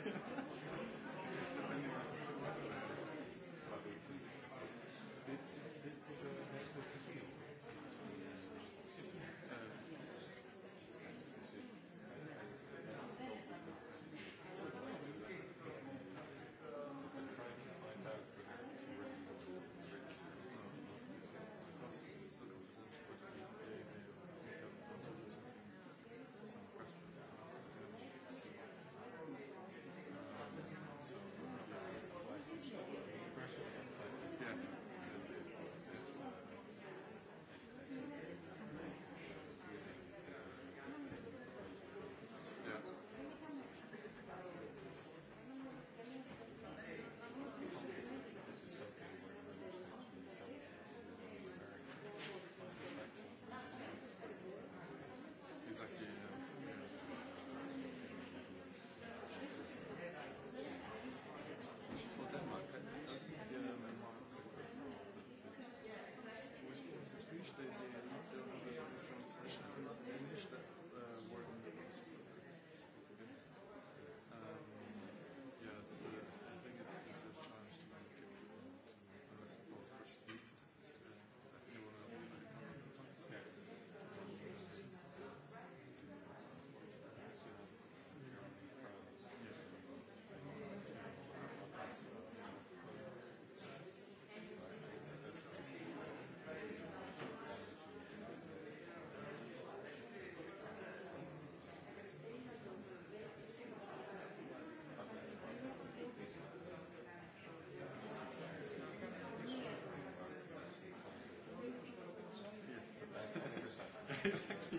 exactly.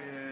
е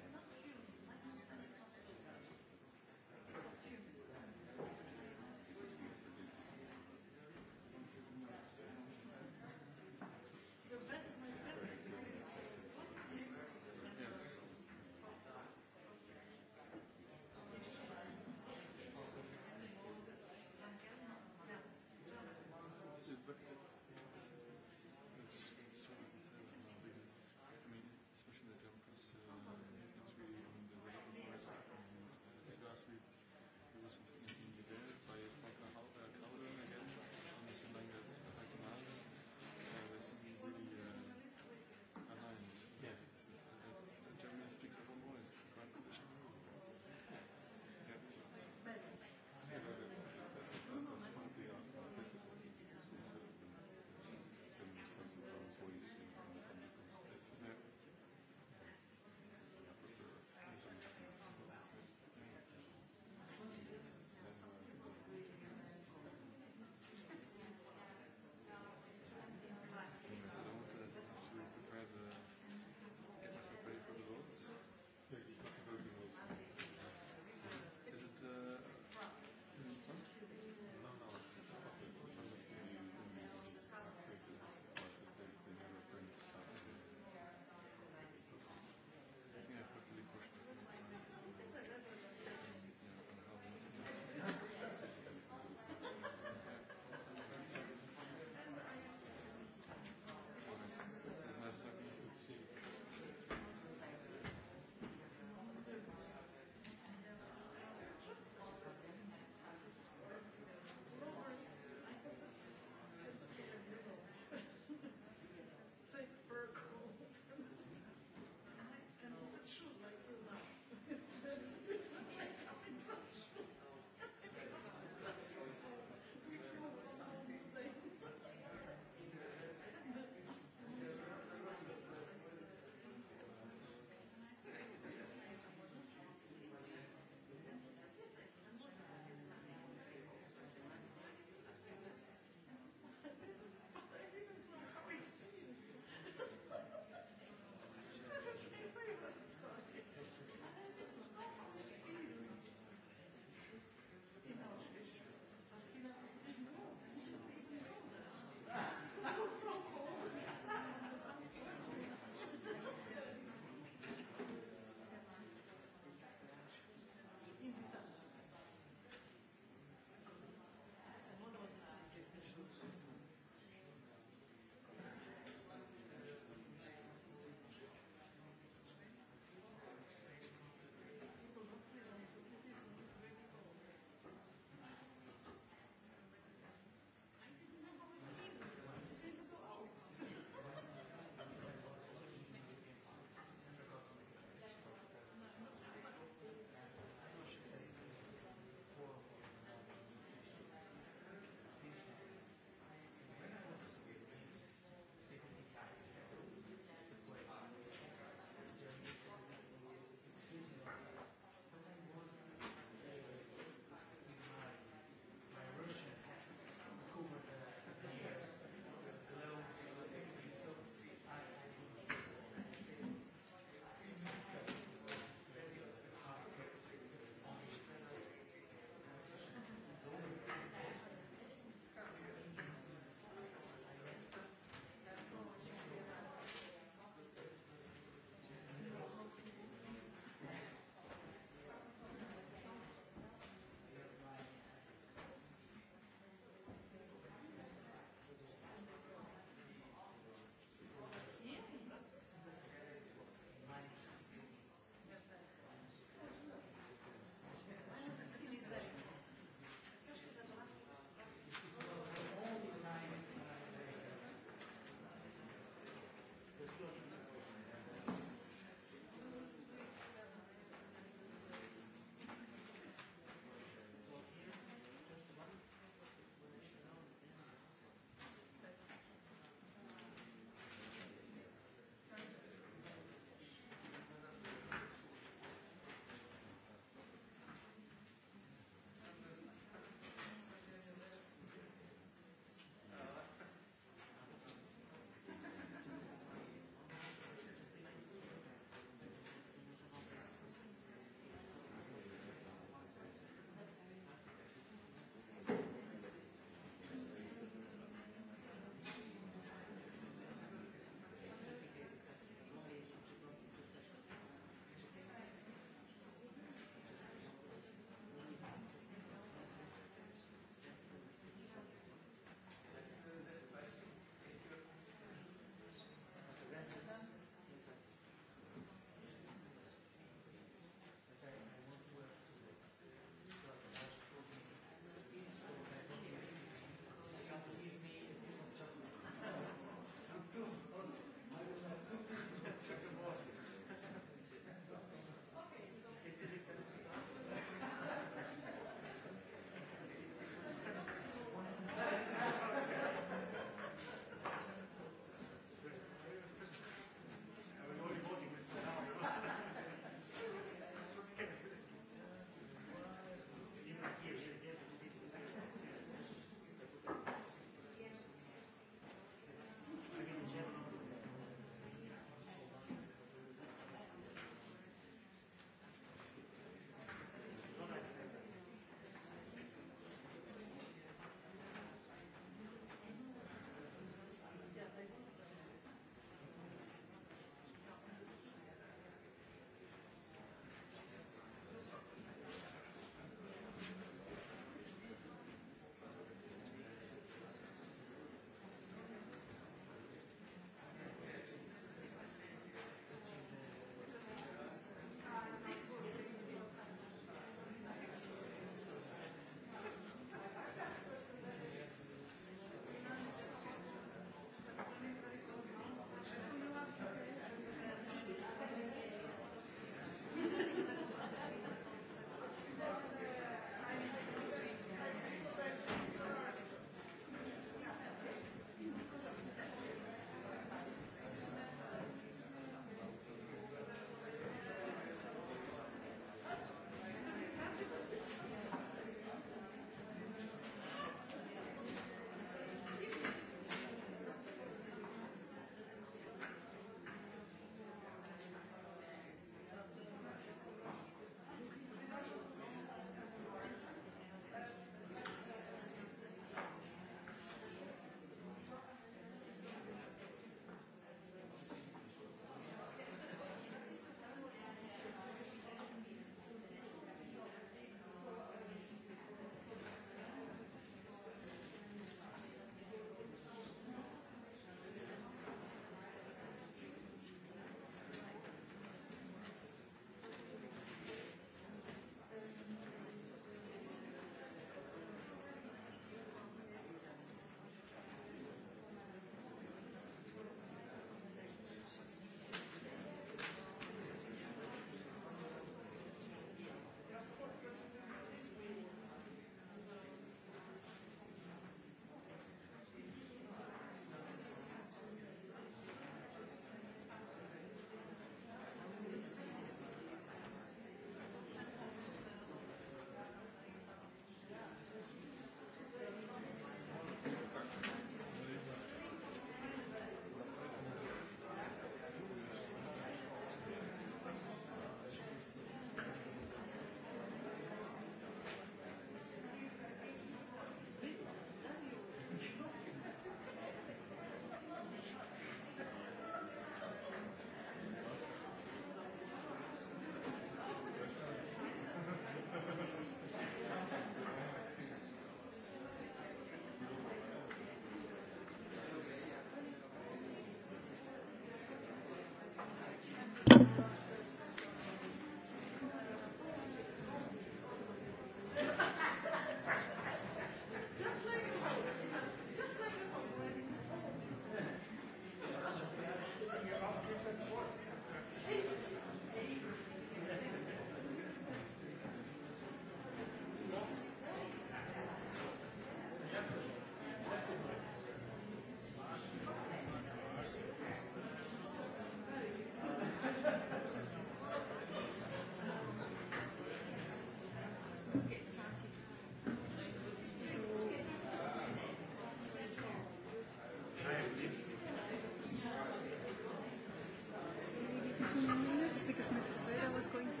speak as Mrs. Sweda was going to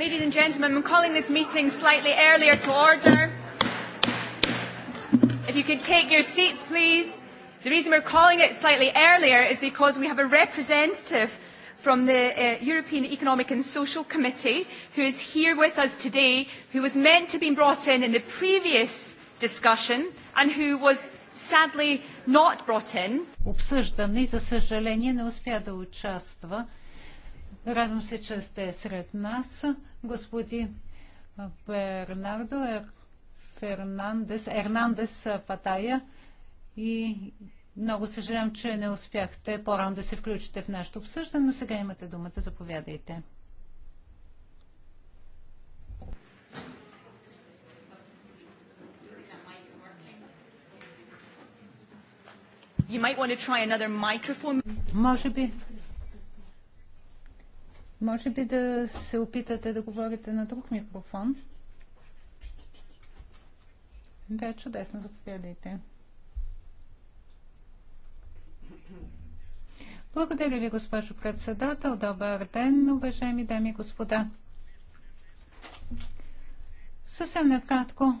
Ladies and gentlemen, I'm calling this meeting slightly earlier to order. If you could take your seats, please. The reason we're calling it slightly earlier is because we have a representative from the uh, European Economic and Social Committee who is here with us today, who was meant to be brought in in the previous discussion and who was sadly not brought in. Обсъждане, за съжаление, не успя да участва Радвам се, че сте сред нас. Господин Бернардо Фернандес, Ернандес Патая и много съжалявам, че не успяхте по-рано да се включите в нашето обсъждане, но сега имате думата. Заповядайте. Може би може би да се опитате да говорите на друг микрофон. Да, чудесно, заповядайте. Благодаря ви, госпожо председател. Добър ден, уважаеми дами и господа. Съвсем накратко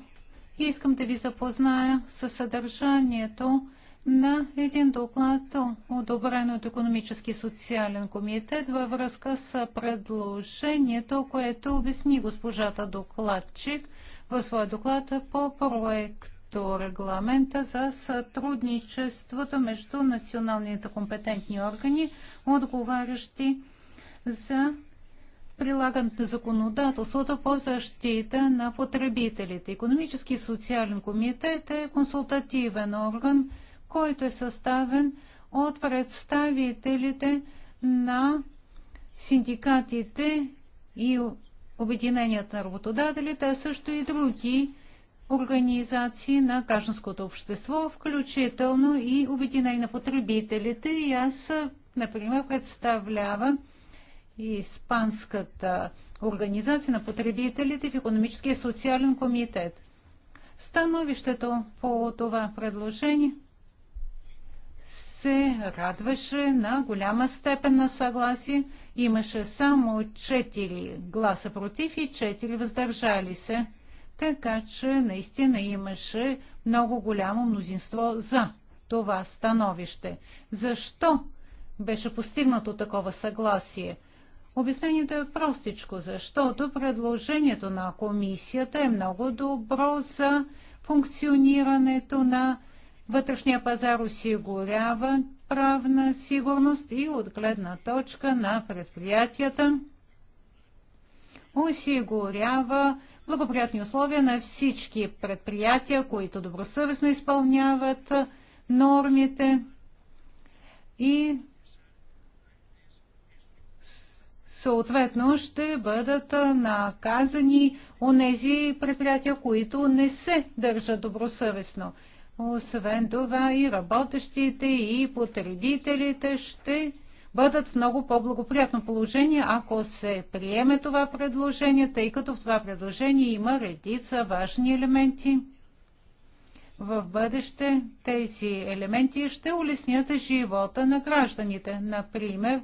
искам да ви запозная със съдържанието на един доклад, одобрен от економически и социален комитет във връзка с предложението, което обясни госпожата докладчик в своя доклад по проекто регламента за сътрудничеството между националните компетентни органи, отговарящи за прилагането на законодателството по защита на потребителите. Економически и социален комитет е консултативен орган, който е съставен от представителите на синдикатите и обединенията на работодателите, а също и други организации на гражданското общество, включително и обединение на потребителите. И аз, например, представлявам Испанската организация на потребителите в економическия и социален комитет. Становището по това предложение – се радваше на голяма степен на съгласие. Имаше само 4 гласа против и 4 въздържали се. Така че наистина имаше много голямо мнозинство за това становище. Защо беше постигнато такова съгласие? Обяснението е простичко, защото предложението на комисията е много добро за функционирането на Вътрешния пазар осигурява правна сигурност и от гледна точка на предприятията осигурява благоприятни условия на всички предприятия, които добросъвестно изпълняват нормите и съответно ще бъдат наказани у нези предприятия, които не се държат добросъвестно. Освен това и работещите, и потребителите ще бъдат в много по-благоприятно положение, ако се приеме това предложение, тъй като в това предложение има редица важни елементи. В бъдеще тези елементи ще улеснят живота на гражданите, например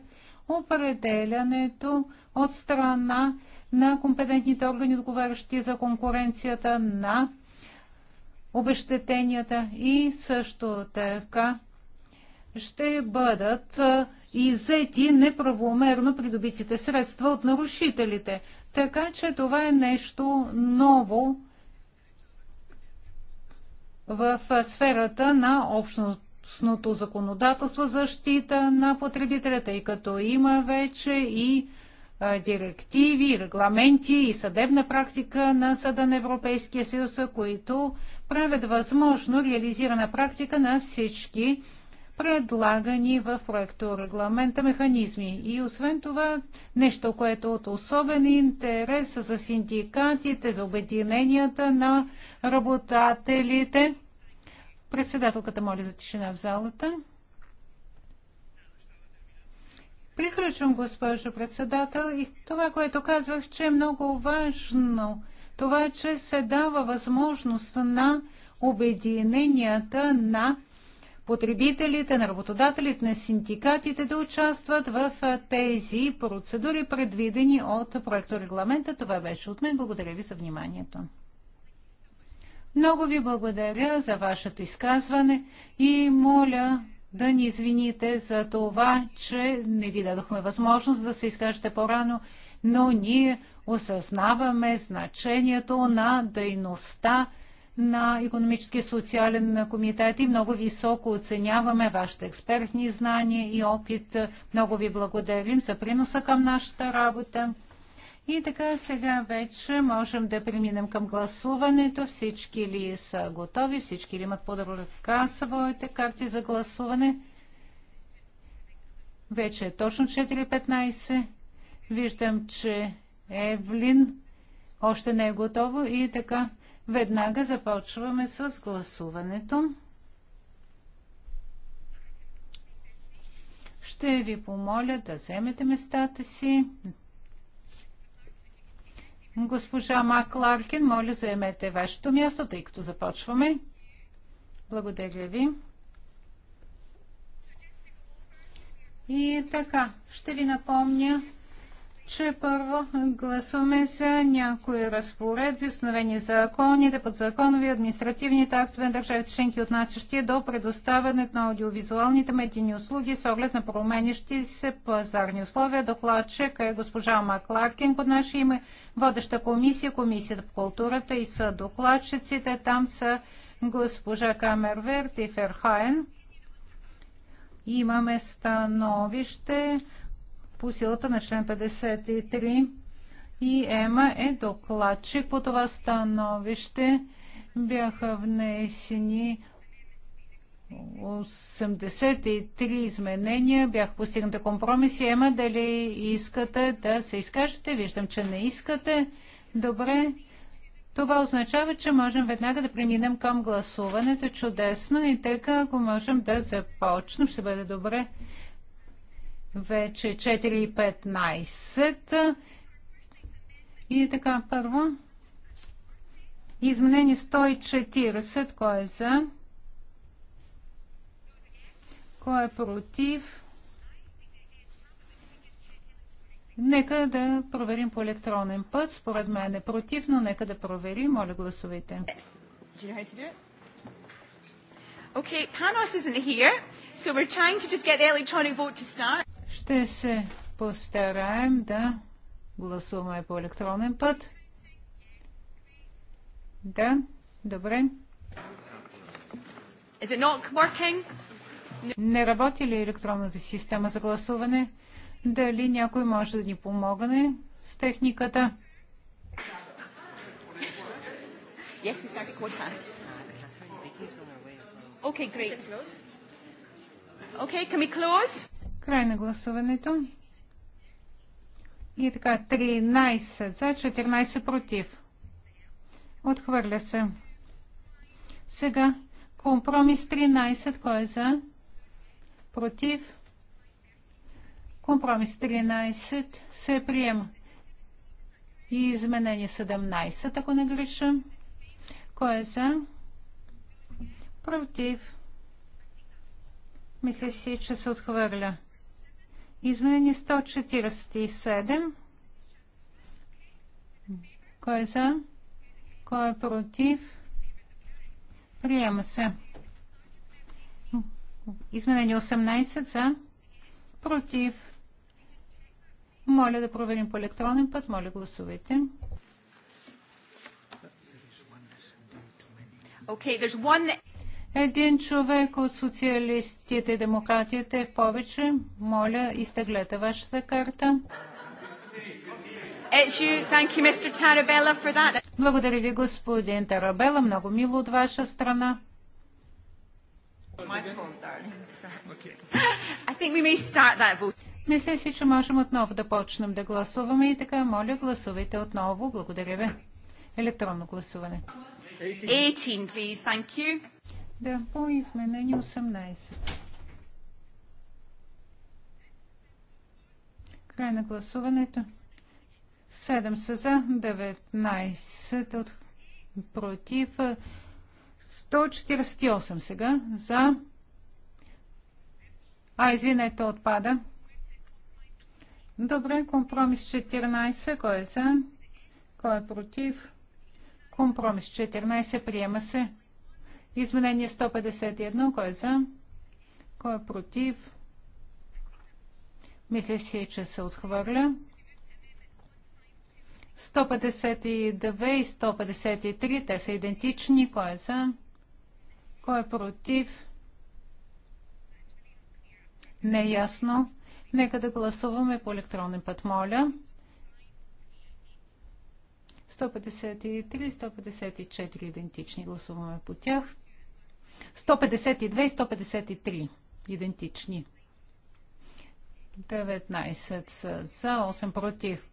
определянето от страна на компетентните органи, отговарящи за конкуренцията на обещетенията и също така ще бъдат иззети неправомерно придобитите средства от нарушителите. Така че това е нещо ново в сферата на общностното законодателство защита на потребителя, тъй като има вече и директиви, регламенти и съдебна практика на Съда на Европейския съюз, които правят възможно реализирана практика на всички предлагани в проекто регламента механизми. И освен това, нещо, което е от особен интерес за синдикатите, за обединенията на работателите. Председателката моля за тишина в залата. Приключвам, госпожо председател, и това, което казвах, че е много важно – това е, че се дава възможност на обединенията на потребителите, на работодателите, на синдикатите да участват в тези процедури, предвидени от проекто регламента. Това беше от мен. Благодаря ви за вниманието. Много ви благодаря за вашето изказване и моля да ни извините за това, че не ви дадохме възможност да се изкажете по-рано, но ние осъзнаваме значението на дейността на економически и социален комитет и много високо оценяваме вашите експертни знания и опит. Много ви благодарим за приноса към нашата работа. И така сега вече можем да преминем към гласуването. Всички ли са готови? Всички ли имат под ръка своите карти за гласуване? Вече е точно 4.15. Виждам, че Евлин още не е готово и така веднага започваме с гласуването. Ще ви помоля да вземете местата си. Госпожа Макларкин, моля заемете вашето място, тъй като започваме. Благодаря ви. И така, ще ви напомня че първо гласуваме за някои разпоредби, установени законите, подзаконови, административните актове на държавите членки, отнасящи до предоставянето на аудиовизуалните медийни услуги с оглед на променящи се пазарни условия. Докладчик е госпожа Макларкин под наше име, водеща комисия, комисията по културата и са докладчиците. Там са госпожа Камерверт и Ферхайн. Имаме становище по силата на член 53 и Ема е докладчик. По това становище бяха внесени 83 изменения, бях постигнати компромиси. Ема, дали искате да се изкажете? Виждам, че не искате. Добре. Това означава, че можем веднага да преминем към гласуването. Чудесно и така, ако можем да започнем, ще бъде добре вече 4.15. И така, първо. Изменени 140. Кой е за? Кой е против? Нека да проверим по електронен път. Според мен е против, но нека да проверим. Моля, гласувайте. Okay, Panos isn't here, so we're trying to just get the electronic vote to start. Ще се постараем да гласуваме по електронен път. Да, добре. Is it not working? Не работи ли електронната система за гласуване? Дали някой може да ни помогне с техниката? Yes, we started Okay, great. Okay, can we close? Край на гласуването. И така, 13 за, 14 против. Отхвърля се. Сега компромис 13. Кой е за? Против. Компромис 13 се приема. И изменение 17, ако не греша. Кой е за? Против. Мисля си, че се отхвърля. Изменение 147. Кой е за? Кой е против? Приема се. Изменение 18 за. Против. Моля да проверим по електронен път. Моля гласувайте. Okay, there's one един човек от социалистите и демократите в повече. Моля, изтеглете вашата карта. You, Благодаря ви, господин Тарабела. Много мило от ваша страна. Мисля си, че можем отново да почнем да гласуваме и така, моля, гласувайте отново. Благодаря ви. Електронно гласуване. 18, please. Thank you. Да, по изменени 18. Край на гласуването. 7 са за, 19 от против. 148 сега за. А, извинете, отпада. Добре, компромис 14. Кой е за? Кой е против? Компромис 14. Приема се. Изменение 151. Кой е за? Кой е против? Мисля си, че се отхвърля. 152 и 153, те са идентични. Кой е за? Кой е против? Не е ясно. Нека да гласуваме по електронен път, моля. 153 154 идентични. Гласуваме по тях. 152 и 153 идентични. 19 са за, 8 против.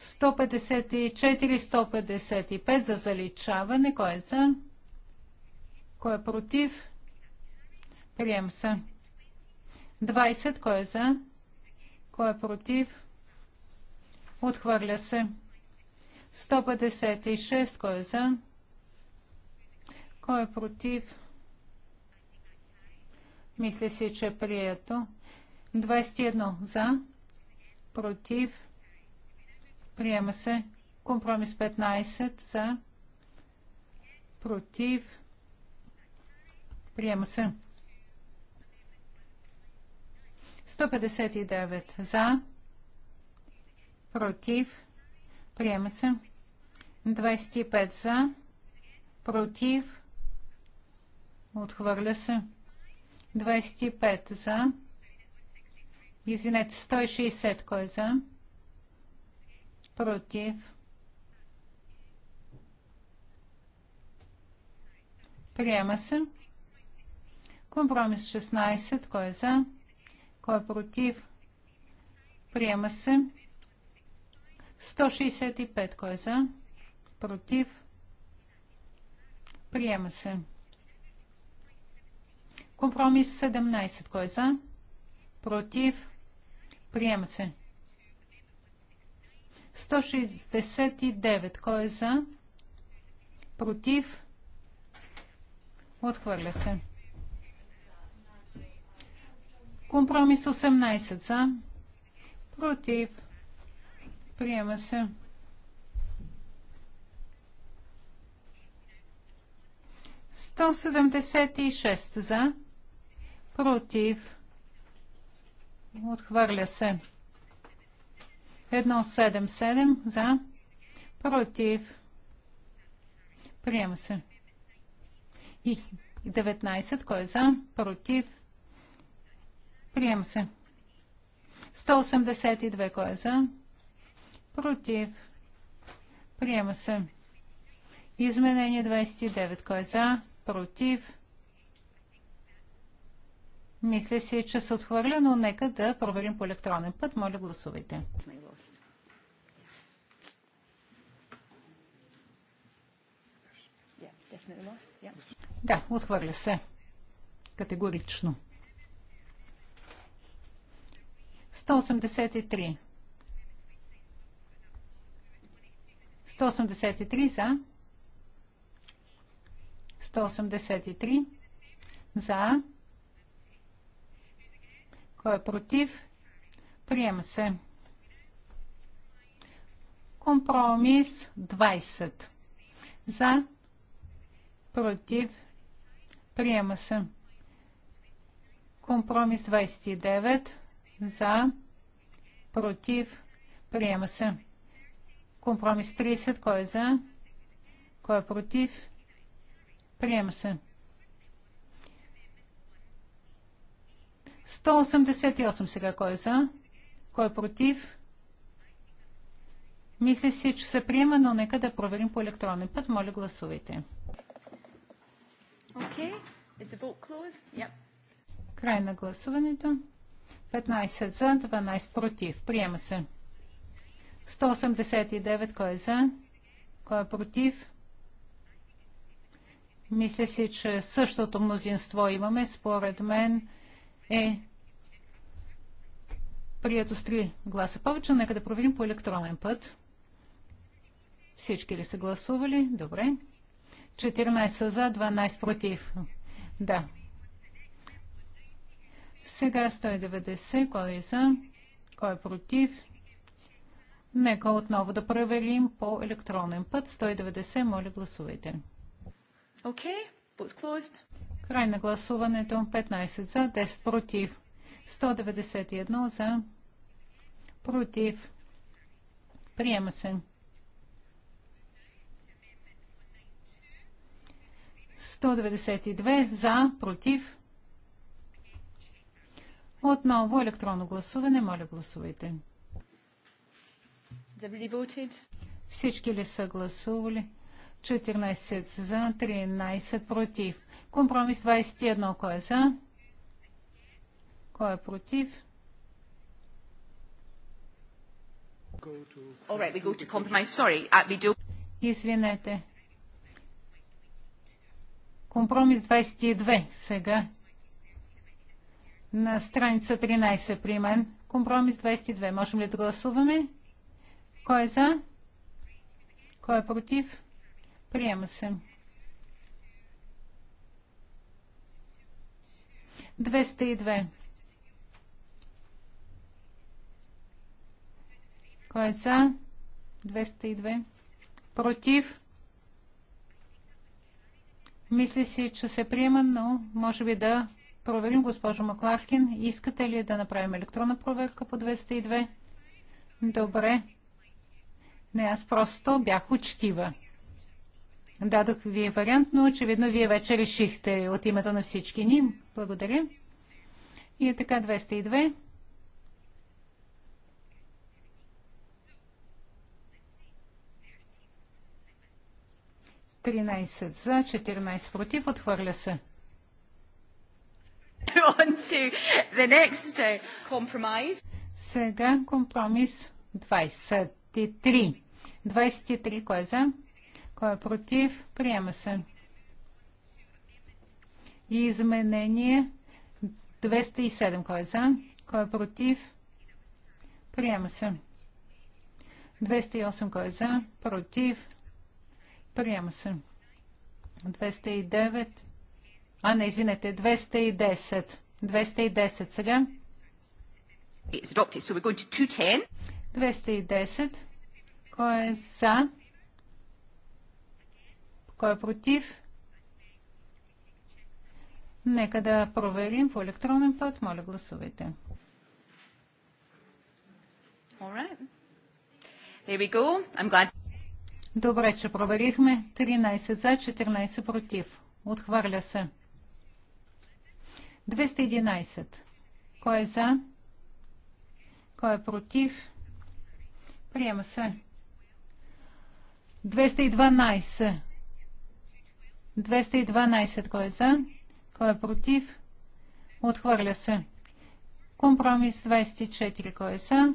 154, 155 за заличаване. Кой е за? Кой е против? Прием се. 20. Кой е за? Кой е против? Отхвърля се. 156. Кой е за? Кой е против? Мисля си, че е прието. 21 за, против, приема се. Компромис 15 за, против, приема се. 159 за, против, приема се. 25 за, против, отхвърля се. 25 за. Извинете, 160 кой е за? Против. Приема се. Компромис 16. Кой е за? Кой е против? Приема се. 165. Кой е за? Против? Приема се. Компромис 17. Кой е за? Против? Приема се. 169. Кой е за? Против? Отхвърля се. Компромис 18 за. Против. Приема се. Сто седемдесет шест за против, отхвърля се. 177 за, против, приема се. И 19, кой е за, против, приема се. 182, кой е за, против, приема се. Изменение 29, кой е за, против, мисля си, че се отхвърля, но нека да проверим по електронен път. Моля, гласувайте. Да, отхвърля се. Категорично. 183. 183 за. 183 за. Кой е против? Приема се. Компромис 20. За. Против. Приема се. Компромис 29. За. Против. Приема се. Компромис 30. Кой е за? Кой е против? Приема се. 188 сега кой е за? Кой е против? Мисля си, че се приема, но нека да проверим по електронен път. Моля, гласувайте. Okay. Yep. Край на гласуването. 15 за, 12 против. Приема се. 189 кой е за? Кой е против? Мисля си, че същото мнозинство имаме. Според мен е прието с 3 гласа повече. Нека да проверим по електронен път. Всички ли са гласували? Добре. 14 за, 12 против. Да. Сега 190. Кой е за? Кой е против? Нека отново да проверим по електронен път. 190. Моля, гласувайте. Okay. Край на гласуването. 15 за, 10 против. 191 за, против. Приема се. 192 за, против. Отново електронно гласуване. Моля, гласувайте. Всички ли са гласували? 14 за, 13 против. Компромис 21. Кой е за? Кой е против? Uh, Извинете. Компромис 22 сега. На страница 13 при мен. Компромис 22. Можем ли да гласуваме? Кой е за? Кой е против? Приема се. 202. Кой е за? 202. Против? Мисли си, че се приема, но може би да проверим госпожо Маклахкин. Искате ли да направим електронна проверка по 202? Добре. Не, аз просто бях учтива дадох ви вариант, но очевидно вие вече решихте от името на всички ни. Благодаря. И е така 202. Тринайсет за, 14 против, отхвърля се. Uh, Сега компромис 23. 23, кой е за? Кой е против? Приема се. И изменение 207. Кой е за? Кой е против? Приема се. 208. Кой е за? Против? Приема се. 209. А, не, извинете, 210. 210 сега. 210. Кой е за? Кой е против? Нека да проверим по електронен път. Моля, гласувайте. Добре, че проверихме. 13 за, 14 против. Отхвърля се. 211. Кой е за? Кой е против? Приема се. 212. 212. Кой е за? Кой е против? Отхвърля се. Компромис 24. Кой е за?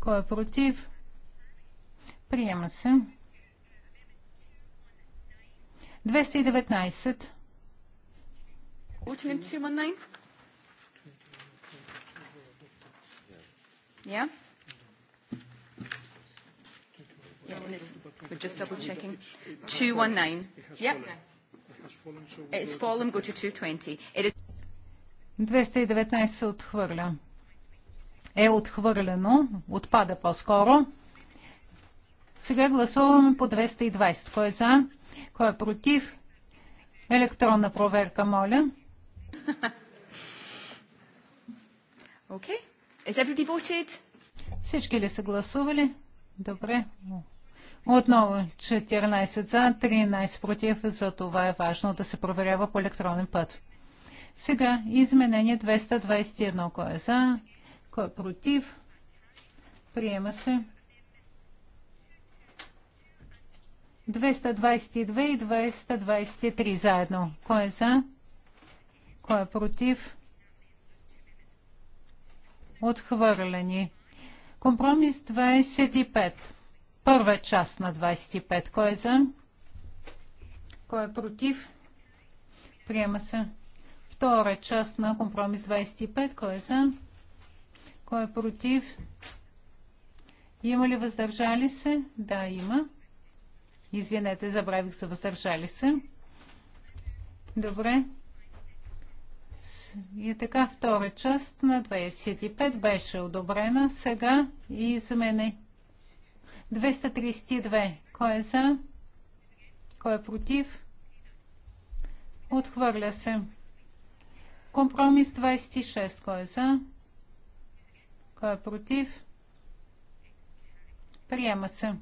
Кой е против? Приема се. 219. Ultimate 219? Yeah? We're just double checking. 219. Yep. It's fallen, go to 220. It is... 219 се отхвърля. Е отхвърлено, отпада по-скоро. Сега гласуваме по 220. Кой е за? Кой е против? Електронна проверка, моля. Okay. Is everybody voted? Всички ли са гласували? Добре. Отново 14 за, 13 против, за това е важно да се проверява по електронен път. Сега изменение 221. Кой е за? Кой е против? Приема се. 222 и 223 заедно. Кой е за? Кой е против? Отхвърлени. Компромис 25. Първа част на 25. Кой е за? Кой е против? Приема се. Втора част на компромис 25. Кой е за? Кой е против? Има ли въздържали се? Да, има. Извинете, забравих за въздържали се. Добре. И така, втора част на 25 беше одобрена. Сега и за мене. 232. Кой е за? Кой е против? Отхвърля се. Компромис 26. Кой е за? Кой е против? Приема се.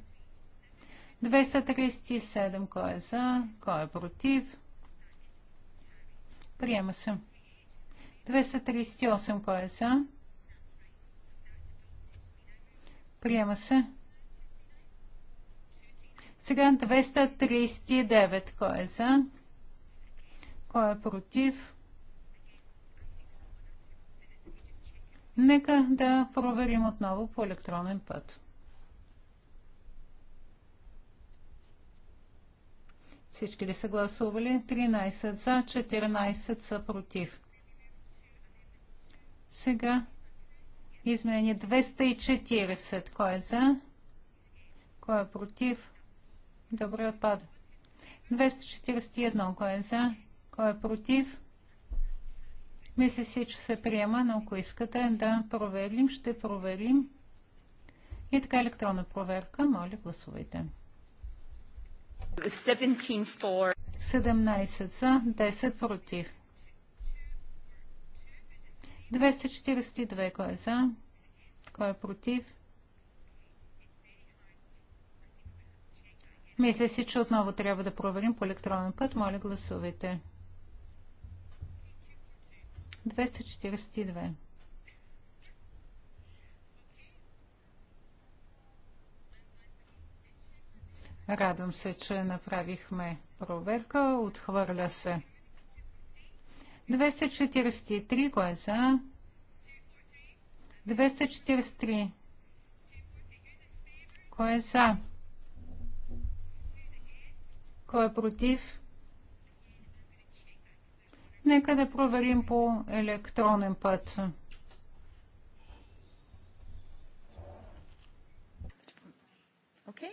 237. Кой е за? Кой е против? Приема се. 238. Кой е за? Приема се. Сега 239. Кой е за? Кой е против? Нека да проверим отново по електронен път. Всички ли са гласували? 13 за, 14 са против. Сега изменение 240. Кой е за? Кой е против? Добре, отпада. 241. Кой е за? Кой е против? Мисля си, че се приема, но ако искате да проверим, ще проверим. И така електронна проверка. Моля, гласувайте. 17 за, 10 против. 242. Кой е за? Кой е против? Мисля си, че отново трябва да проверим по електронен път. Моля, гласувайте. 242. Радвам се, че направихме проверка. Отхвърля се. 243, кой е за? 243. Кой е за? Кой е против? Нека да проверим по електронен път. Okay.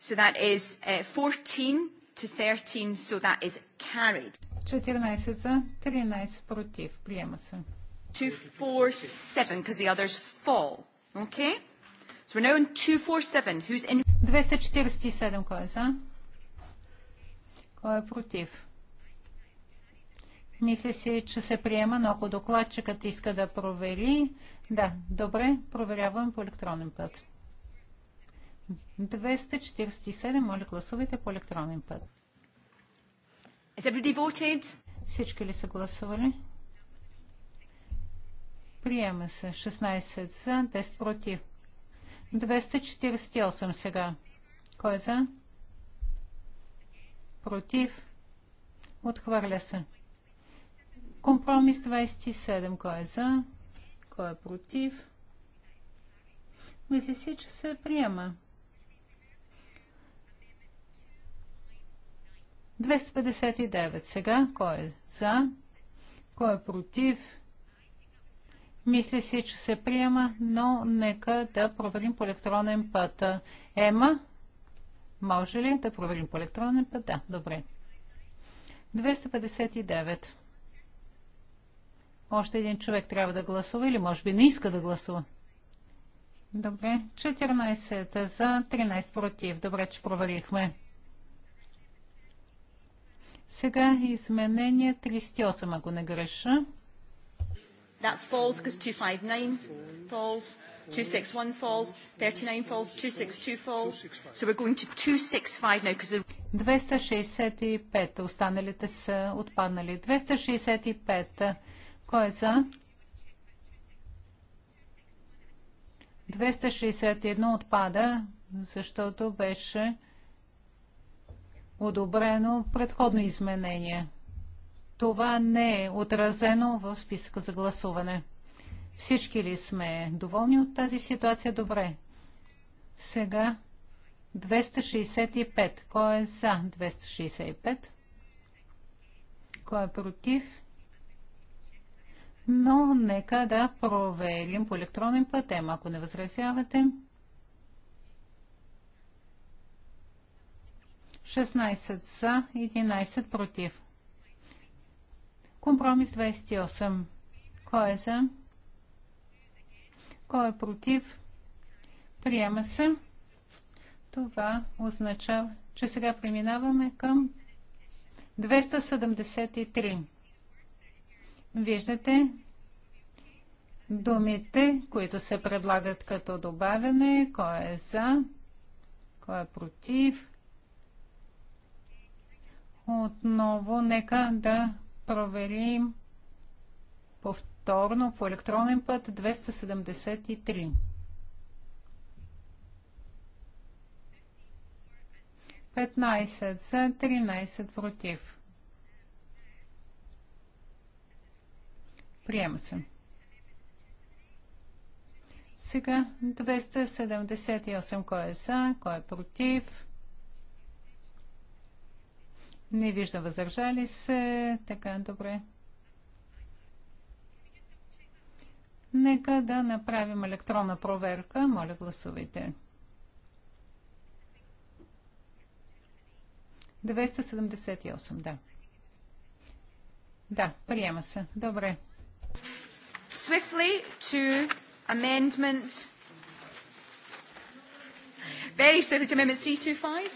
So that is uh, 14 to 13, so that is carried. 14 за, 13 против. Приема се. 247, because the others fall. Okay? So we're now in 247. Who's in? 247, кой е за? Кой е против? Мисля си, че се приема, но ако докладчикът иска да провери, да, добре, проверявам по електронен път. 247, моля гласувайте по електронен път. Всички ли са гласували? Приема се. 16 за, 10 против. 248 сега. Кой е за? против, отхвърля се. Компромис 27, кой е за, кой е против. Мисли си, че се приема. 259 сега, кой е за, кой е против. Мисля си, че се приема, но нека да проверим по електронен път. Ема, може ли да проверим по електронен път? Да, добре. 259. Още един човек трябва да гласува или може би не иска да гласува. Добре. 14 за, 13 против. Добре, че проверихме. Сега изменение 38, ако не греша. That falls because 259 falls. 261 falls, 39 falls, 262 falls. So we're going to 265 now because the 265. Останалите са отпаднали. 265. Кой е за? 261 отпада, защото беше одобрено предходно изменение. Това не е отразено в списъка за гласуване. Всички ли сме доволни от тази ситуация? Добре. Сега 265. Кой е за 265? Кой е против? Но нека да проверим по електронен път, ако не възразявате. 16 за, 11 против. Компромис 28. Кой е за? Кой е против? Приема се. Това означава, че сега преминаваме към 273. Виждате думите, които се предлагат като добавяне. Кой е за? Кой е против? Отново нека да проверим повторно повторно по електронен път 273. 15 за, 13 против. Приема се. Сега 278. Кой е за, кой е против? Не вижда възражали се. Така, добре. Нека да направим електронна проверка. Моля, гласувайте. 278, да. Да, приема се. Добре. Swiftly to amendment. Very swiftly to amendment 325.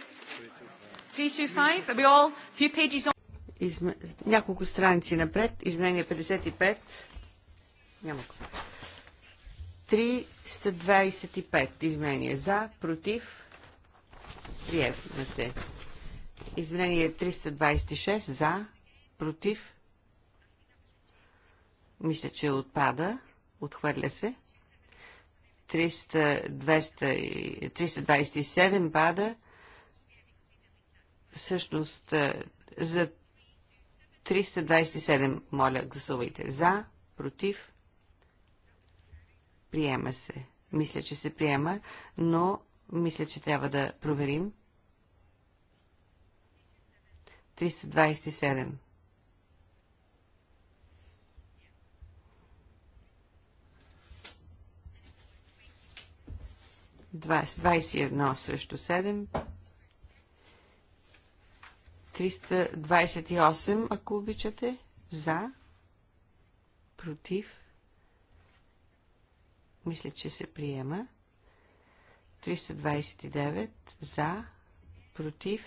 325. Are we all a few pages on? Изм... Няколко страници напред, изменение 55, няма го. 325 изменение за, против, приехме се. Изменение 326 за, против, мисля, че отпада, отхвърля се. 300, 327 пада. Всъщност, е, за 327, моля, гласувайте за, против, Приема се. Мисля, че се приема, но мисля, че трябва да проверим. 327. 21 срещу 7. 328, ако обичате. За. Против. Мисля, че се приема. 329 за, против.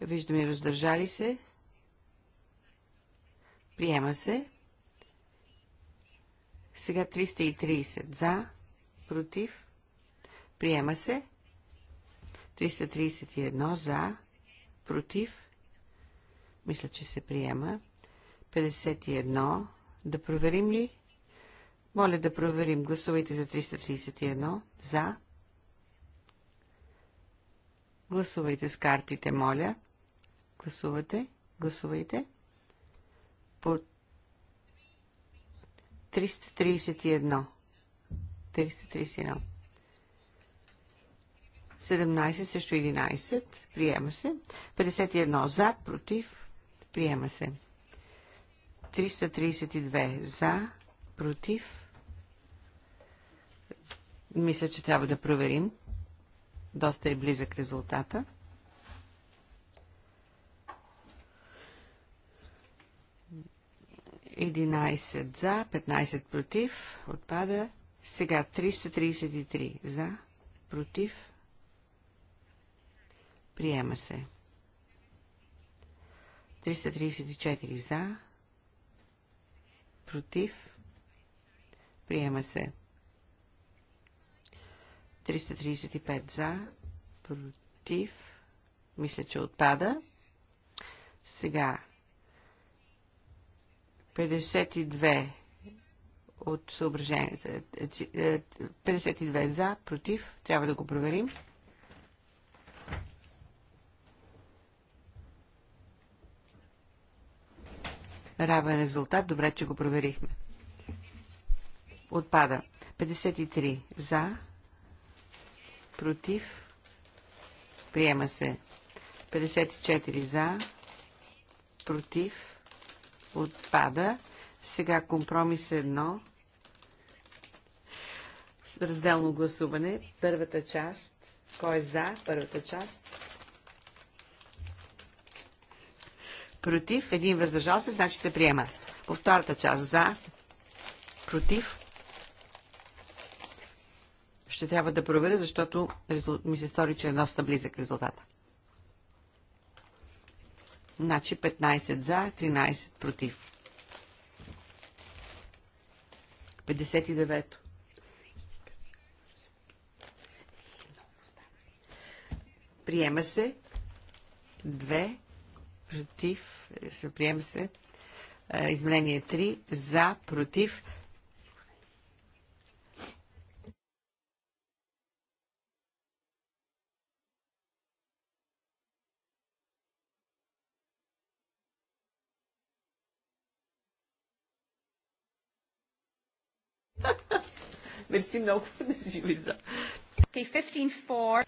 Виждаме въздържали се. Приема се. Сега 330 за, против. Приема се. 331 за, против. Мисля, че се приема. 51. Да проверим ли? Моля да проверим. Гласувайте за 331. За. Гласувайте с картите, моля. Гласувате. Гласувайте. По 331. 331. 17 срещу 11. Приема се. 51 за, против. Приема се. 332 за, против. Мисля, че трябва да проверим. Доста е близък резултата. Единайсет за, 15 против, отпада. Сега 333 за, против, приема се. 334 за, против, приема се. 335 за, против, мисля, че отпада. Сега 52 от съображенията. 52 е е, за, против, трябва да го проверим. Равен резултат, добре, че го проверихме. Отпада. 53 за, против, приема се. 54 за, против, отпада. Сега компромис 1. Разделно гласуване. Първата част. Кой е за първата част? Против. Един въздържал се, значи се приема. По втората част. За. Против ще трябва да проверя, защото ми се стори, че е доста близък резултата. Значи 15 за, 13 против. 59 Приема се 2 против, е, приема се е, изменение 3 за, против, Мерси много. Живи здрав. живи за.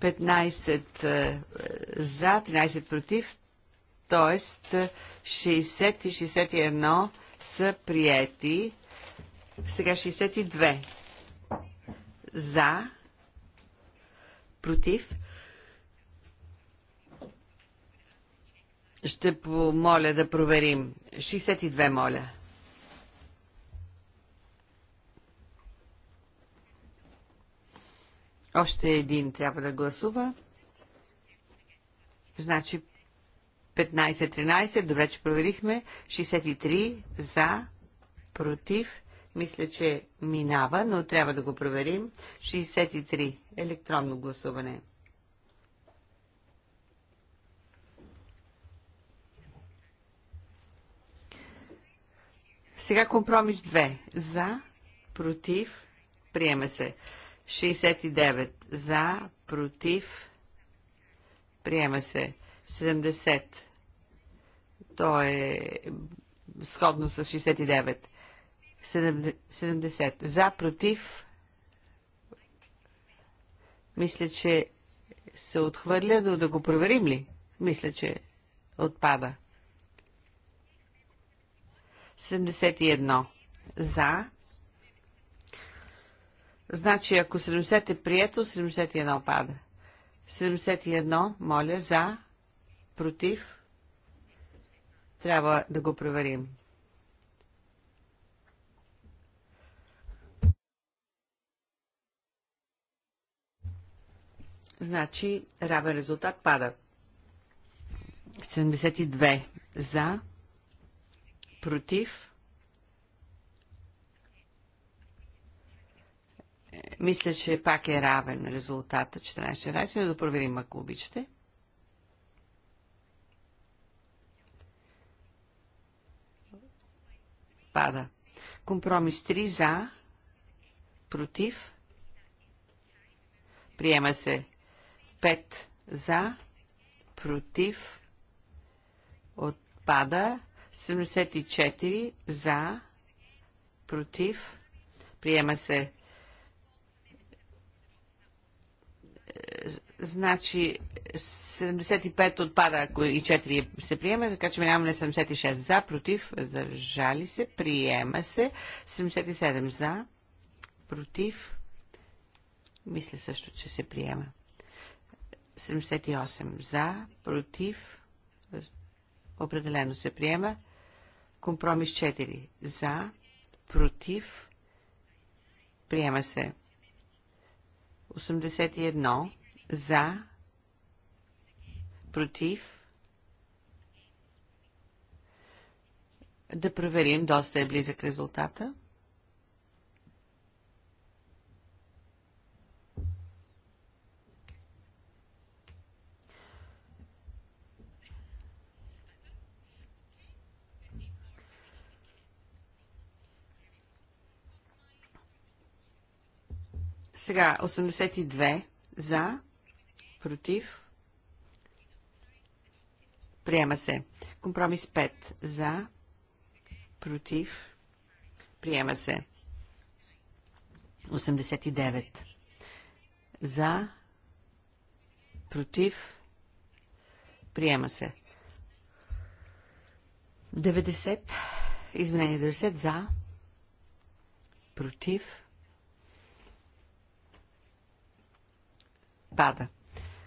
15 за, 13 против, т.е. 60 и 61 са приети. Сега 62 за, против. Ще помоля да проверим. 62, моля. Още един трябва да гласува. Значи 15-13, добре, че проверихме. 63 за, против. Мисля, че минава, но трябва да го проверим. 63 електронно гласуване. Сега компромис 2. За, против, приема се. 69 за, против, приема се 70. То е сходно с 69. 70 за, против, мисля, че се отхвърля, но да го проверим ли? Мисля, че отпада. 71 за, Значи, ако 70 е прието, 71 пада. 71, моля, за, против. Трябва да го проверим. Значи, равен резултат пада. 72 за, против Мисля, че пак е равен резултата 14-14, но да проверим, ако обичате. Пада. Компромис 3 за, против, приема се 5 за, против, отпада, 74 за, против, приема се 5. значи 75 отпада, ако и 4 се приема, така че минаваме на 76 за, против, въздържали се, приема се, 77 за, против, мисля също, че се приема. 78 за, против, определено се приема. Компромис 4 за, против, приема се. 81 за, против. Да проверим, доста е близък резултата. Сега, 82 за, против, приема се. Компромис 5 за, против, приема се. 89 за, против, приема се. 90, извинение 90 за, против, пада.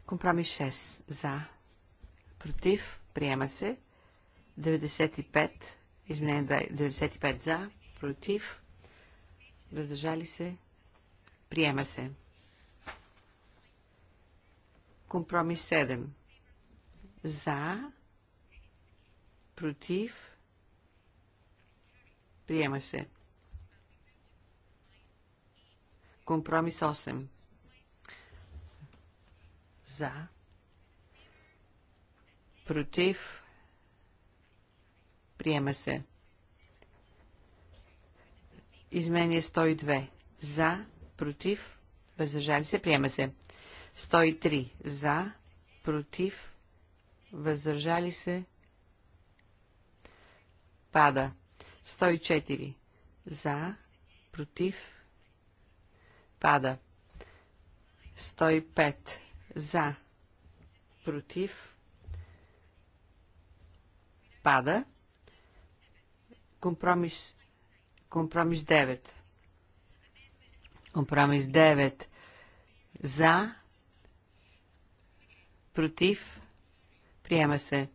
Компромис 6 за, против, приема се. 95, изменение 95 за, против, въздържали се, приема се. Компромис 7 за, против, приема се. Компромис 8 за, против, приема се. Изменя 102. За, против, въздържали се, приема се. 103. За, против, въздържали се, пада. 104. За, против, пада. 105 за, против, пада. Компромис, компромис 9. Компромис 9 за, против, приема се.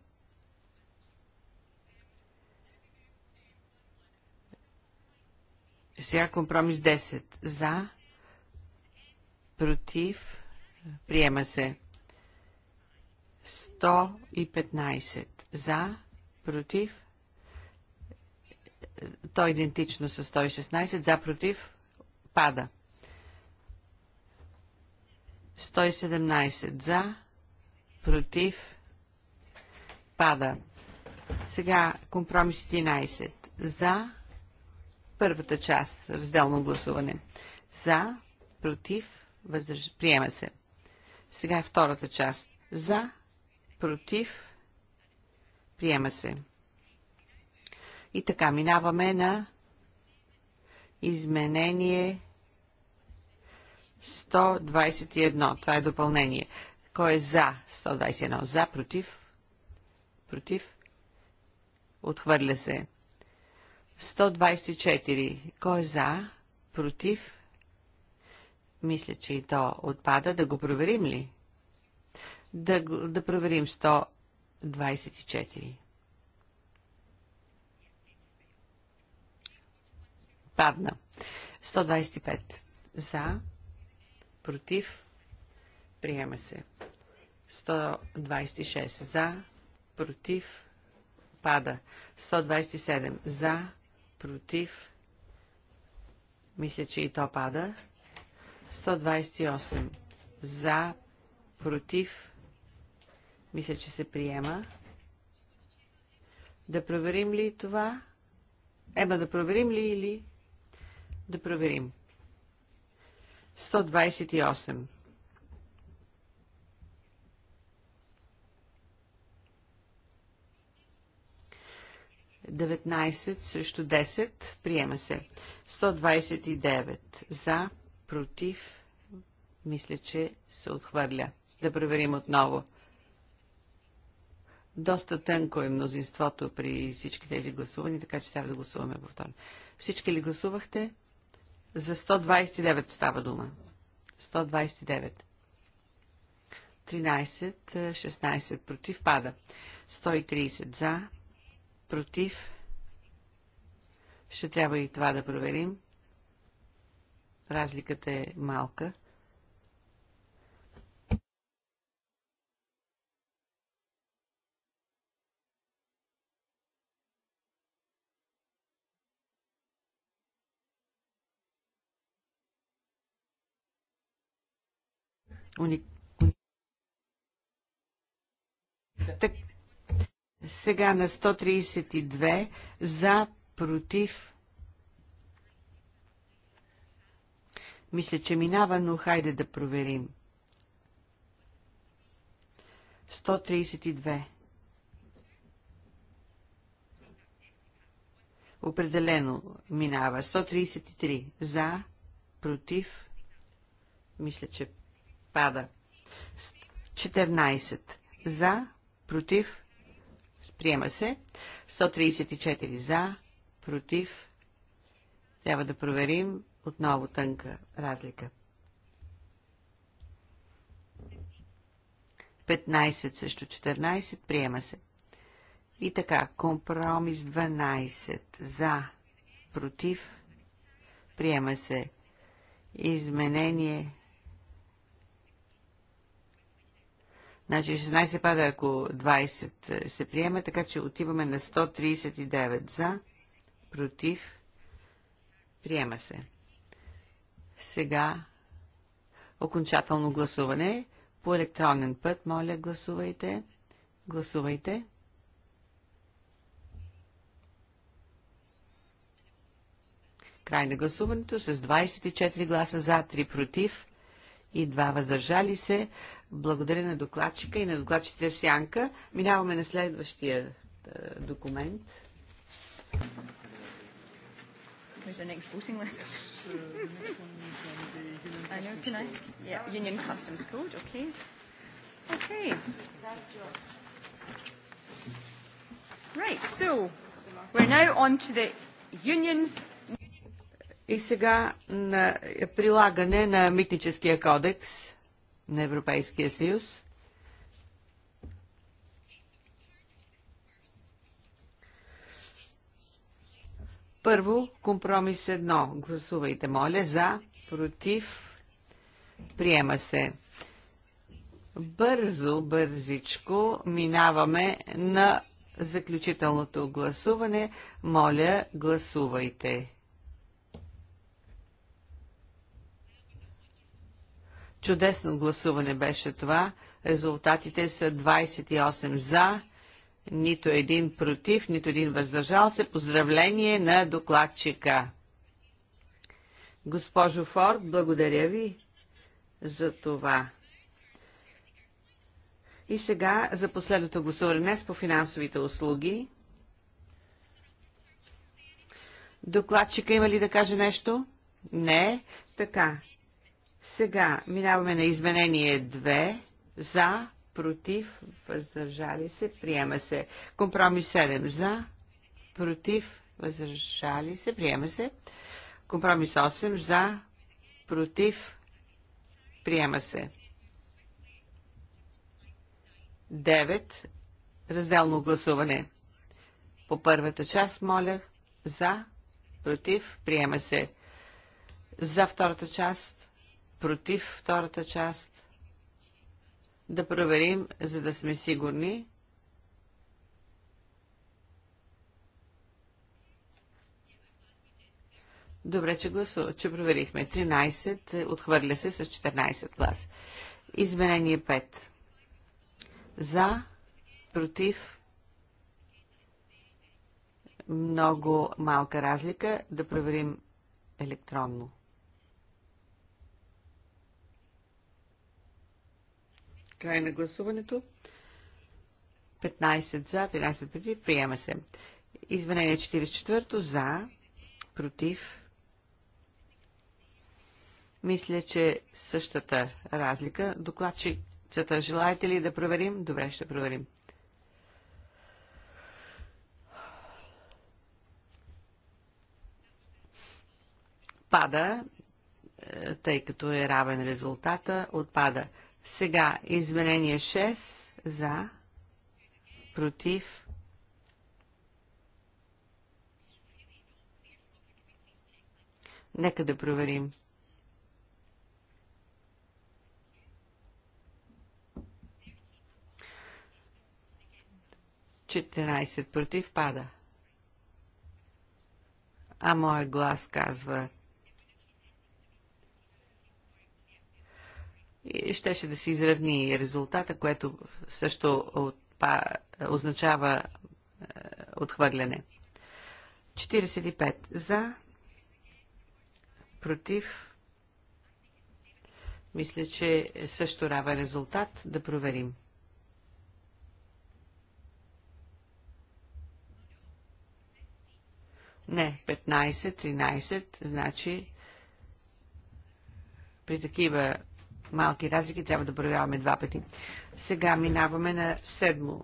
Сега компромис 10. За, против, Приема се. 115 за, против. То е идентично с 116. За, против. Пада. 117 за, против. Пада. Сега компромис 11. За първата част, разделно гласуване. За, против, въздържа, приема се. Сега е втората част. За, против, приема се. И така, минаваме на изменение 121. Това е допълнение. Кой е за 121? За, против? Против? Отхвърля се. 124. Кой е за? Против? Мисля, че и то отпада. Да го проверим ли? Да, да проверим 124. Падна. 125. За. Против. Приема се. 126. За. Против. Пада. 127. За. Против. Мисля, че и то пада. 128 за, против, мисля, че се приема. Да проверим ли това? Ема да проверим ли или? Да проверим. 128. Деветнайсет срещу 10. Приема се. 129 за, против, мисля, че се отхвърля. Да проверим отново. Доста тънко е мнозинството при всички тези гласувания, така че трябва да гласуваме повторно. Всички ли гласувахте? За 129 става дума. 129. 13, 16 против, пада. 130 за, против. Ще трябва и това да проверим. Разликата е малка. Уник... Так, сега на 132 за, против, Мисля, че минава, но хайде да проверим. 132. Определено минава. 133. За, против, мисля, че пада. 14. За, против, приема се. 134. За, против, трябва да проверим отново тънка разлика. 15 също 14 приема се. И така, компромис 12 за, против, приема се. Изменение. Значи 16 пада, ако 20 се приеме, така че отиваме на 139 за, против, приема се. Сега окончателно гласуване по електронен път. Моля, гласувайте. Гласувайте. Край на гласуването с 24 гласа за, 3 против и 2 въздържали се. Благодаря на докладчика и на докладчите в сянка. Минаваме на следващия е, документ. Where's your next voting list? I know, can I? Yeah, Union Customs Code, okay. Okay. Right, so we're now on to the unions. И сега на прилагане на митническия кодекс на Европейския съюз. Първо, компромис 1. Гласувайте, моля, за, против, приема се. Бързо, бързичко минаваме на заключителното гласуване. Моля, гласувайте. Чудесно гласуване беше това. Резултатите са 28 за, нито един против, нито един въздържал се. Поздравление на докладчика. Госпожо Форд, благодаря ви за това. И сега за последното гласуване днес по финансовите услуги. Докладчика има ли да каже нещо? Не. Така. Сега минаваме на изменение 2. За, против, въздържали се, приема се. Компромис 7 за, против, въздържали се, приема се. Компромис 8 за, против, приема се. 9. Разделно гласуване. По първата част, моля, за, против, приема се. За втората част, против втората част, да проверим, за да сме сигурни. Добре, че, гласува, че проверихме. 13, е, отхвърля се с 14 глас. Изменение 5. За, против, много малка разлика. Да проверим електронно. Край на гласуването. 15 за, 13 против. Приема се. Изменение 44 за, против. Мисля, че същата разлика. Докладчицата, желаете ли да проверим? Добре, ще проверим. Пада, е, тъй като е равен резултата, отпада. Сега изменение 6 за, против. Нека да проверим. Четиринайсет против пада. А моят глас казва и щеше да се изравни резултата, което също отпа, означава е, отхвърляне. 45. За, против, мисля, че е също равен резултат. Да проверим. Не, 15, 13, значи при такива малки разлики трябва да проявяваме два пъти. Сега минаваме на седмо.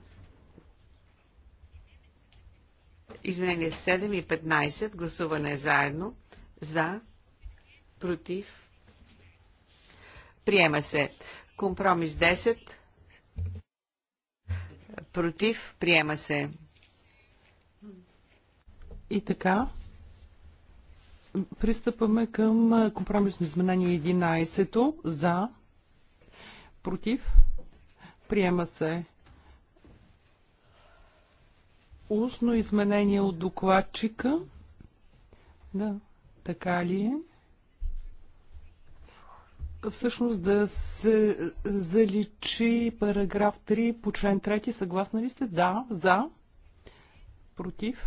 Изменение 7 и 15. Гласуване заедно. За. Против. Приема се. Компромис 10. Против. Приема се. И така. Пристъпваме към компромисно изменение 11 за, против, приема се. Устно изменение от докладчика. Да, така ли е? Всъщност да се заличи параграф 3 по член 3. Съгласна ли сте? Да, за, против.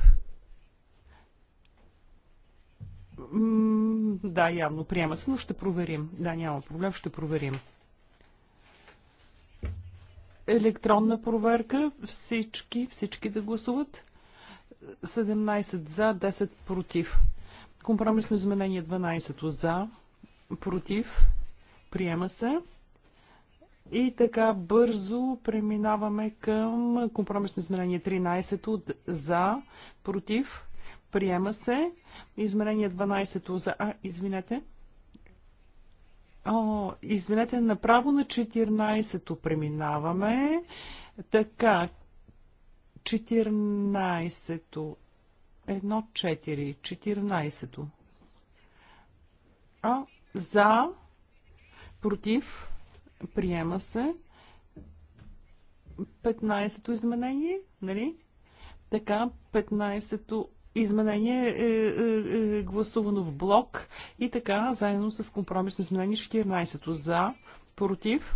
М да, явно приема се, но ще проверим. Да, няма проблем, ще проверим електронна проверка. Всички, всички да гласуват. 17 за, 10 против. Компромисно изменение 12 за, против, приема се. И така бързо преминаваме към компромисно изменение 13 от за, против, приема се. Изменение 12 за, а, извинете, О, извинете, направо на 14-то преминаваме. Така, 14-то. 1-4. 14-то. А, за, против, приема се. 15-то изменение, нали? Така, 15-то изменение е, е, е гласувано в блок и така, заедно с компромисно изменение 14 за, против,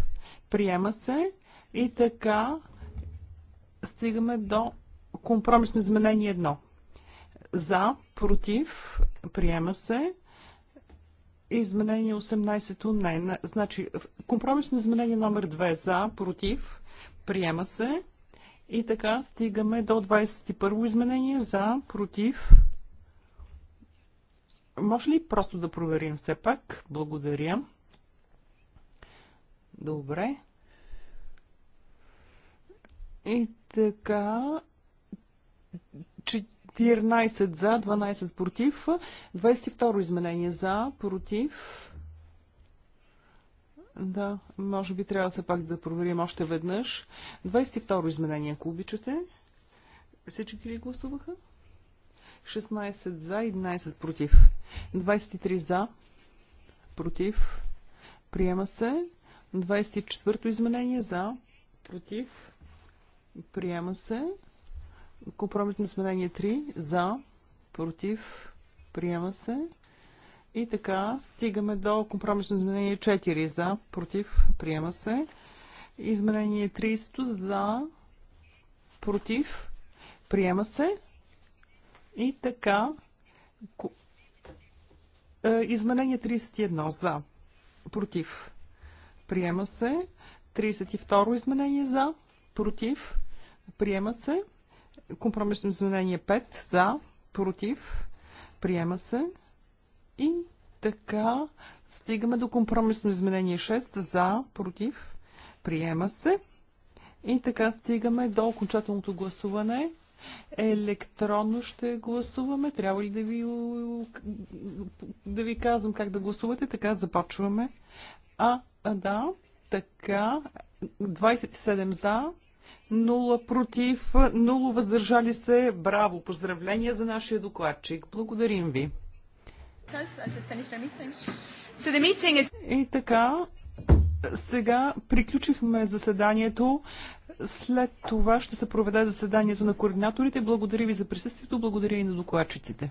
приема се и така стигаме до компромисно изменение 1. За, против, приема се. Изменение 18-то не. Значи, компромисно изменение номер 2 за, против, приема се. И така стигаме до 21 изменение за, против. Може ли просто да проверим все пак? Благодаря. Добре. И така. 14 за, 12 против. 22 изменение за, против. Да, може би трябва все пак да проверим още веднъж. 22 изменение, ако обичате. Всички ли гласуваха? 16 за, 11 против. 23 за, против. Приема се. 24-то изменение за, против. Приема се. Компромитно изменение 3 за, против. Приема се. И така, стигаме до компромисно изменение 4 за, против, приема се. Изменение 30 за, против, приема се. И така, е, изменение 31 за, против, приема се. 32 изменение за, против, приема се. Компромисно изменение 5 за, против, приема се. И така стигаме до компромисно изменение 6 за, против, приема се. И така стигаме до окончателното гласуване. Електронно ще гласуваме. Трябва ли да ви, да ви казвам как да гласувате? Така започваме. А, а да, така. 27 за, 0 против, 0 въздържали се. Браво! Поздравления за нашия докладчик. Благодарим ви! И така, сега приключихме заседанието. След това ще се проведе заседанието на координаторите. Благодаря ви за присъствието, благодаря и на докладчиците.